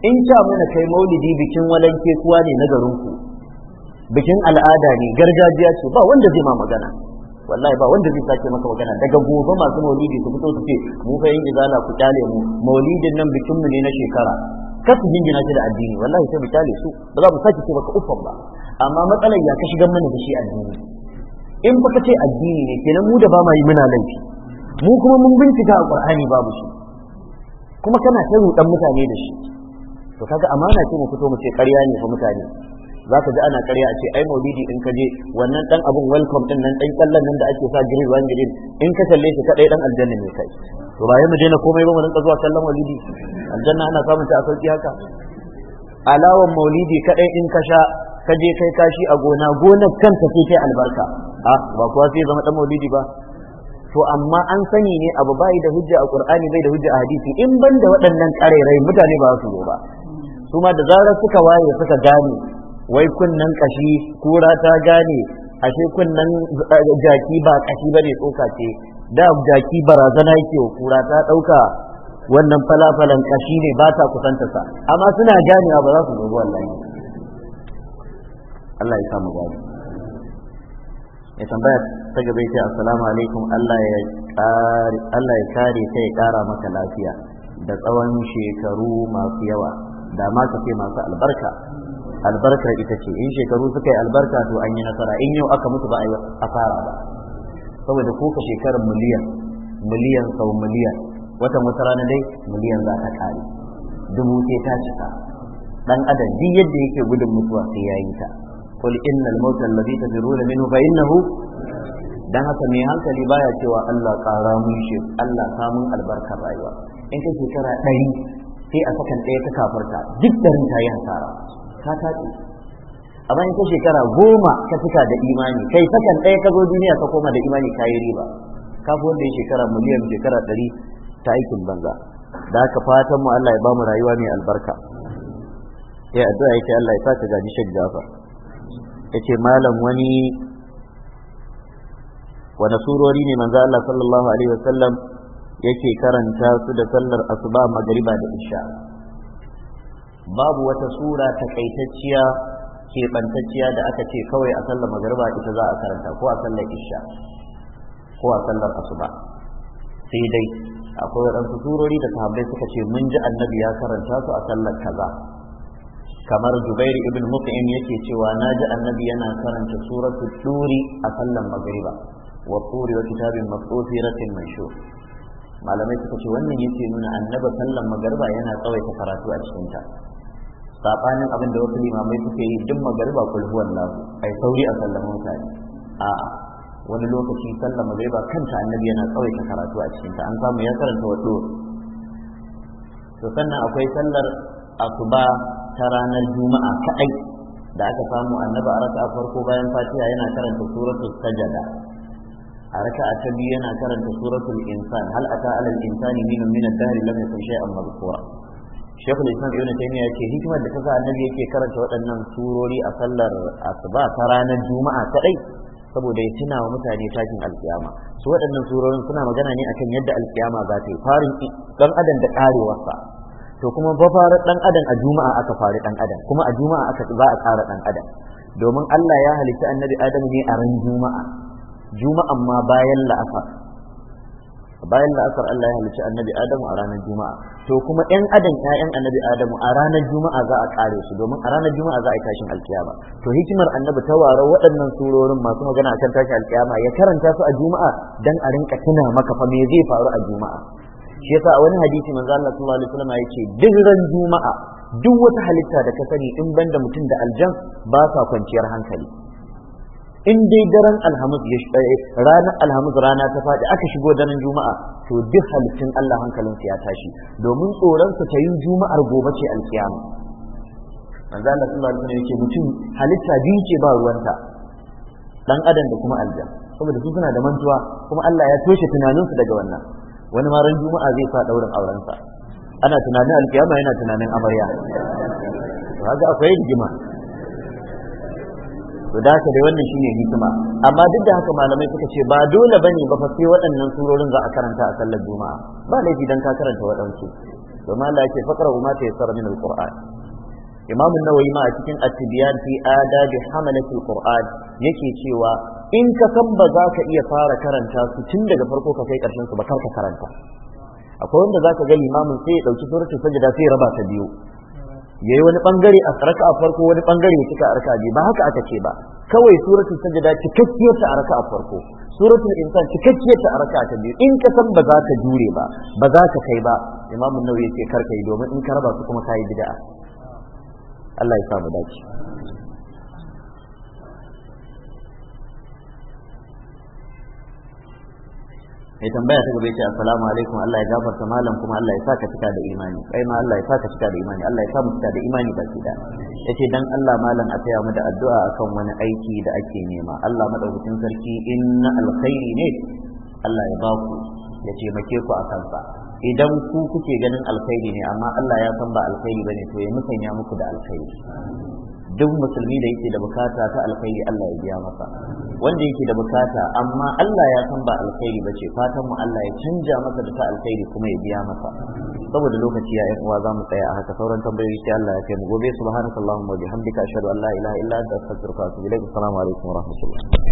in ta mana kai maulidi bikin walanke kuwa ne na garinku bikin al'ada ne gargajiya ce ba wanda zai ma magana wallahi ba wanda zai sake maka magana daga gobe masu maulidi su fito su ce mu fa yin izala ku kyale mu maulidin nan bikin mu ne na shekara kasu jinjina shi da addini wallahi sai mu su ba za mu sake ce baka uffan ba amma matsalar ya ka shigar mana da shi addini in baka ce addini ne kenan mu da ba ma yi muna laifi mu kuma mun bincika a qur'ani babu shi kuma kana ta rudan mutane da shi to kaga amana ce mu fito mu ce ƙarya ne fa mutane za ka ji ana karya a ce ai maulidi in ka je wannan dan abun welcome din nan dan kallon nan da ake sa green one green in ka kalle shi kadai dan aljanna ne kai to ba mu daina komai ba mu rinka zuwa sallan walidi aljanna ana samun ta a sauki haka alawan maulidi kadai in ka sha ka je kai kashi a gona gonar kanta ce ta albarka a ba kuwa sai zama dan maulidi ba to amma an sani ne abu bai da hujja a qur'ani bai da hujja a hadisi in ban da waɗannan ƙarairai mutane ba su zo ba su ma da zarar suka waye suka gane wai kunnan kashi kura ta gane ashe kunnan eh, jaki ba kashi bane tsoka ce da jaki barazana yake wa kura ta ɗauka wannan falafalan ƙashi ne ba ta kusanta sa amma suna ganewa ba za su gobe wallahi Allah ya mu gani ya tambaya ta gaba ya ce assalamu alaikum Allah ya kare Allah ya kare ta ya kara maka lafiya da tsawon shekaru masu yawa da ma ka ce masu albarka albarkar ita ce in shekaru suka yi albarka to an yi nasara in yau aka mutu ba a fara ba saboda ko ka shekarar miliyan miliyan sau miliyan watan wata rana dai miliyan za ta kare dubu sai ta cika dan adam duk yadda yake gudun mutuwa sai ya yi ta qul innal mauta alladhi tafiruna minhu fa innahu dan haka mai hankali baya cewa Allah kara mun shi Allah samun albarkar rayuwa in kai shekara ɗari sai a sakan ɗaya ta kafarta duk ɗarin ta yi hasara ka tace a bayan ta shekara goma ka fita da imani kai sakan ɗaya ka zo duniya ka koma da imani ka yi riba ka fi wanda ya shekara miliyan shekara ɗari ta aikin banza da haka fatan mu Allah ya bamu rayuwa mai albarka ya addu'a yake Allah ya saka gaji Sheikh Jafar yace malam wani wani surori ne manzo Allah sallallahu alaihi wasallam yake karanta su da sallar asuba magariba da isha babu wata sura takaitacciya keɓantacciya da aka ce kawai a sallar magariba ita za a karanta ko a sallar isha ko a sallar asuba sai dai akwai waɗansu surori da sahabbai suka ce mun ji annabi ya karanta su a sallar kaza kamar jubairu ibn mut'im yake cewa na ji annabi yana karanta suratu turi a sallar magariba, wa turi wa kitabin maqsufi ratin manshur malamai suka ce wannan yake nuna annaba sallar magariba yana tsawaita karatu a cikin ta sabanin abin da wasu limamai suke yi duk magariba kulhuwan lahu ai sauri a sallama mutane a'a wani lokaci zai ba kanta annabi yana ta karatu a cikin ta an samu ya karanta wato to sannan akwai sallar asuba ta ranar juma'a kadai da aka samu annabi a raka'a farko bayan fatiha yana karanta suratul sajada a raka'a ta biyu yana karanta suratul insan hal ata alal insani min min ad-dahr lam yakun shay'an madhkura shekul islam ibn taymiya ce, hikimar da ta sa annabi yake karanta waɗannan surori a sallar asuba ta ranar juma'a kadai saboda ya tuna wa mutane tashin alkiyama su waɗannan surorin suna magana ne akan yadda alkiyama za ta yi farin dan adam da karewarsa to kuma ba fara dan adam a juma'a aka fari dan adam kuma a juma'a aka za a kara dan adam domin Allah ya halitta annabi adam ne a ran juma'a juma'an ma bayan la'asar bayan da asar Allah ya halicci annabi Adamu a ranar Juma'a to kuma 'yan adam ƴaƴan annabi Adamu a ranar Juma'a za a kare su domin a ranar Juma'a za a yi tashin alkiyama to hikimar annabi ta waro waɗannan surorin masu magana akan tashin alkiyama ya karanta su a Juma'a dan a rinka tuna maka fa me zai faru a Juma'a shi yasa a wani hadisi manzo Allah sallallahu alaihi wasallam ya ce duk ran Juma'a duk wata halitta da ka sani in banda mutum da aljan ba sa kwanciyar hankali in dai daren alhamis ya eh, ranar alhamis rana ta faɗi aka shigo daren juma'a to duk halittun Allah hankalinsu ya tashi domin tsoronsa ta yi juma'ar gobe ce alkiyama manzo Allah sallallahu alaihi yake mutum halitta biyu ce ba ruwanta dan adam da kuma aljan saboda su suna da mantuwa kuma Allah ya toshe tunaninsu daga wannan wani ma ran juma'a zai sa daurin aurensa ana tunanin alkiyama yana tunanin amarya to haka akwai rigima to da haka dai wannan shine hikima amma duk da haka malamai suka ce ba dole bane ba fa sai waɗannan surorin za a karanta a sallar juma'a ba laifi dan ka karanta waɗansu to mala yake fakra ma ta yassara min alquran imam an-nawawi ma a cikin at-tibyan fi adab hamalat alquran yake cewa in ka san ba za ka iya fara karanta su tun daga farko ka kai karshen su ba kar ka karanta akwai wanda za ka ga limamin sai ya ɗauki suratul sajda sai ya raba ta biyu ya yi wani bangare a raka a farko wani bangare ya cika a raka biyu ba haka aka ce ba kawai suratul sajada cikakkiyar ta a raka a farko suratul insan cikakkiyar ta a raka ta biyu in ka san ba za ka jure ba ba za ka kai ba imamun nawawi ya ce kar yi domin in ka raba su kuma ka bid'a Allah ya sa mu mai tambaya ta gaba ce assalamu alaikum Allah ya gafarta malam kuma Allah ya saka cika da imani kai ma Allah ya saka cika da imani Allah ya mu cika da imani baki da yace dan Allah malam a taya mu da addu'a akan wani aiki da ake nema Allah madaukakin sarki inna alkhairi ne Allah ya ba ku ya taimake ku a kansa idan ku kuke ganin alkhairi ne amma Allah ya san ba alkhairi bane to ya musanya muku da alkhairi duk musulmi da yake da bukata ta alkhairi Allah ya biya masa wanda yake da bukata amma Allah ya san ba alkhairi bace fatan mu Allah ya canja masa da ta alkhairi kuma ya biya masa saboda lokaci ya yan uwa za mu tsaya a haka sauran tambayoyi sai Allah ya kai mu gobe subhanakallahumma wa bihamdika ashhadu an la ilaha illa anta astaghfiruka wa atubu ilaik assalamu alaikum wa rahmatullah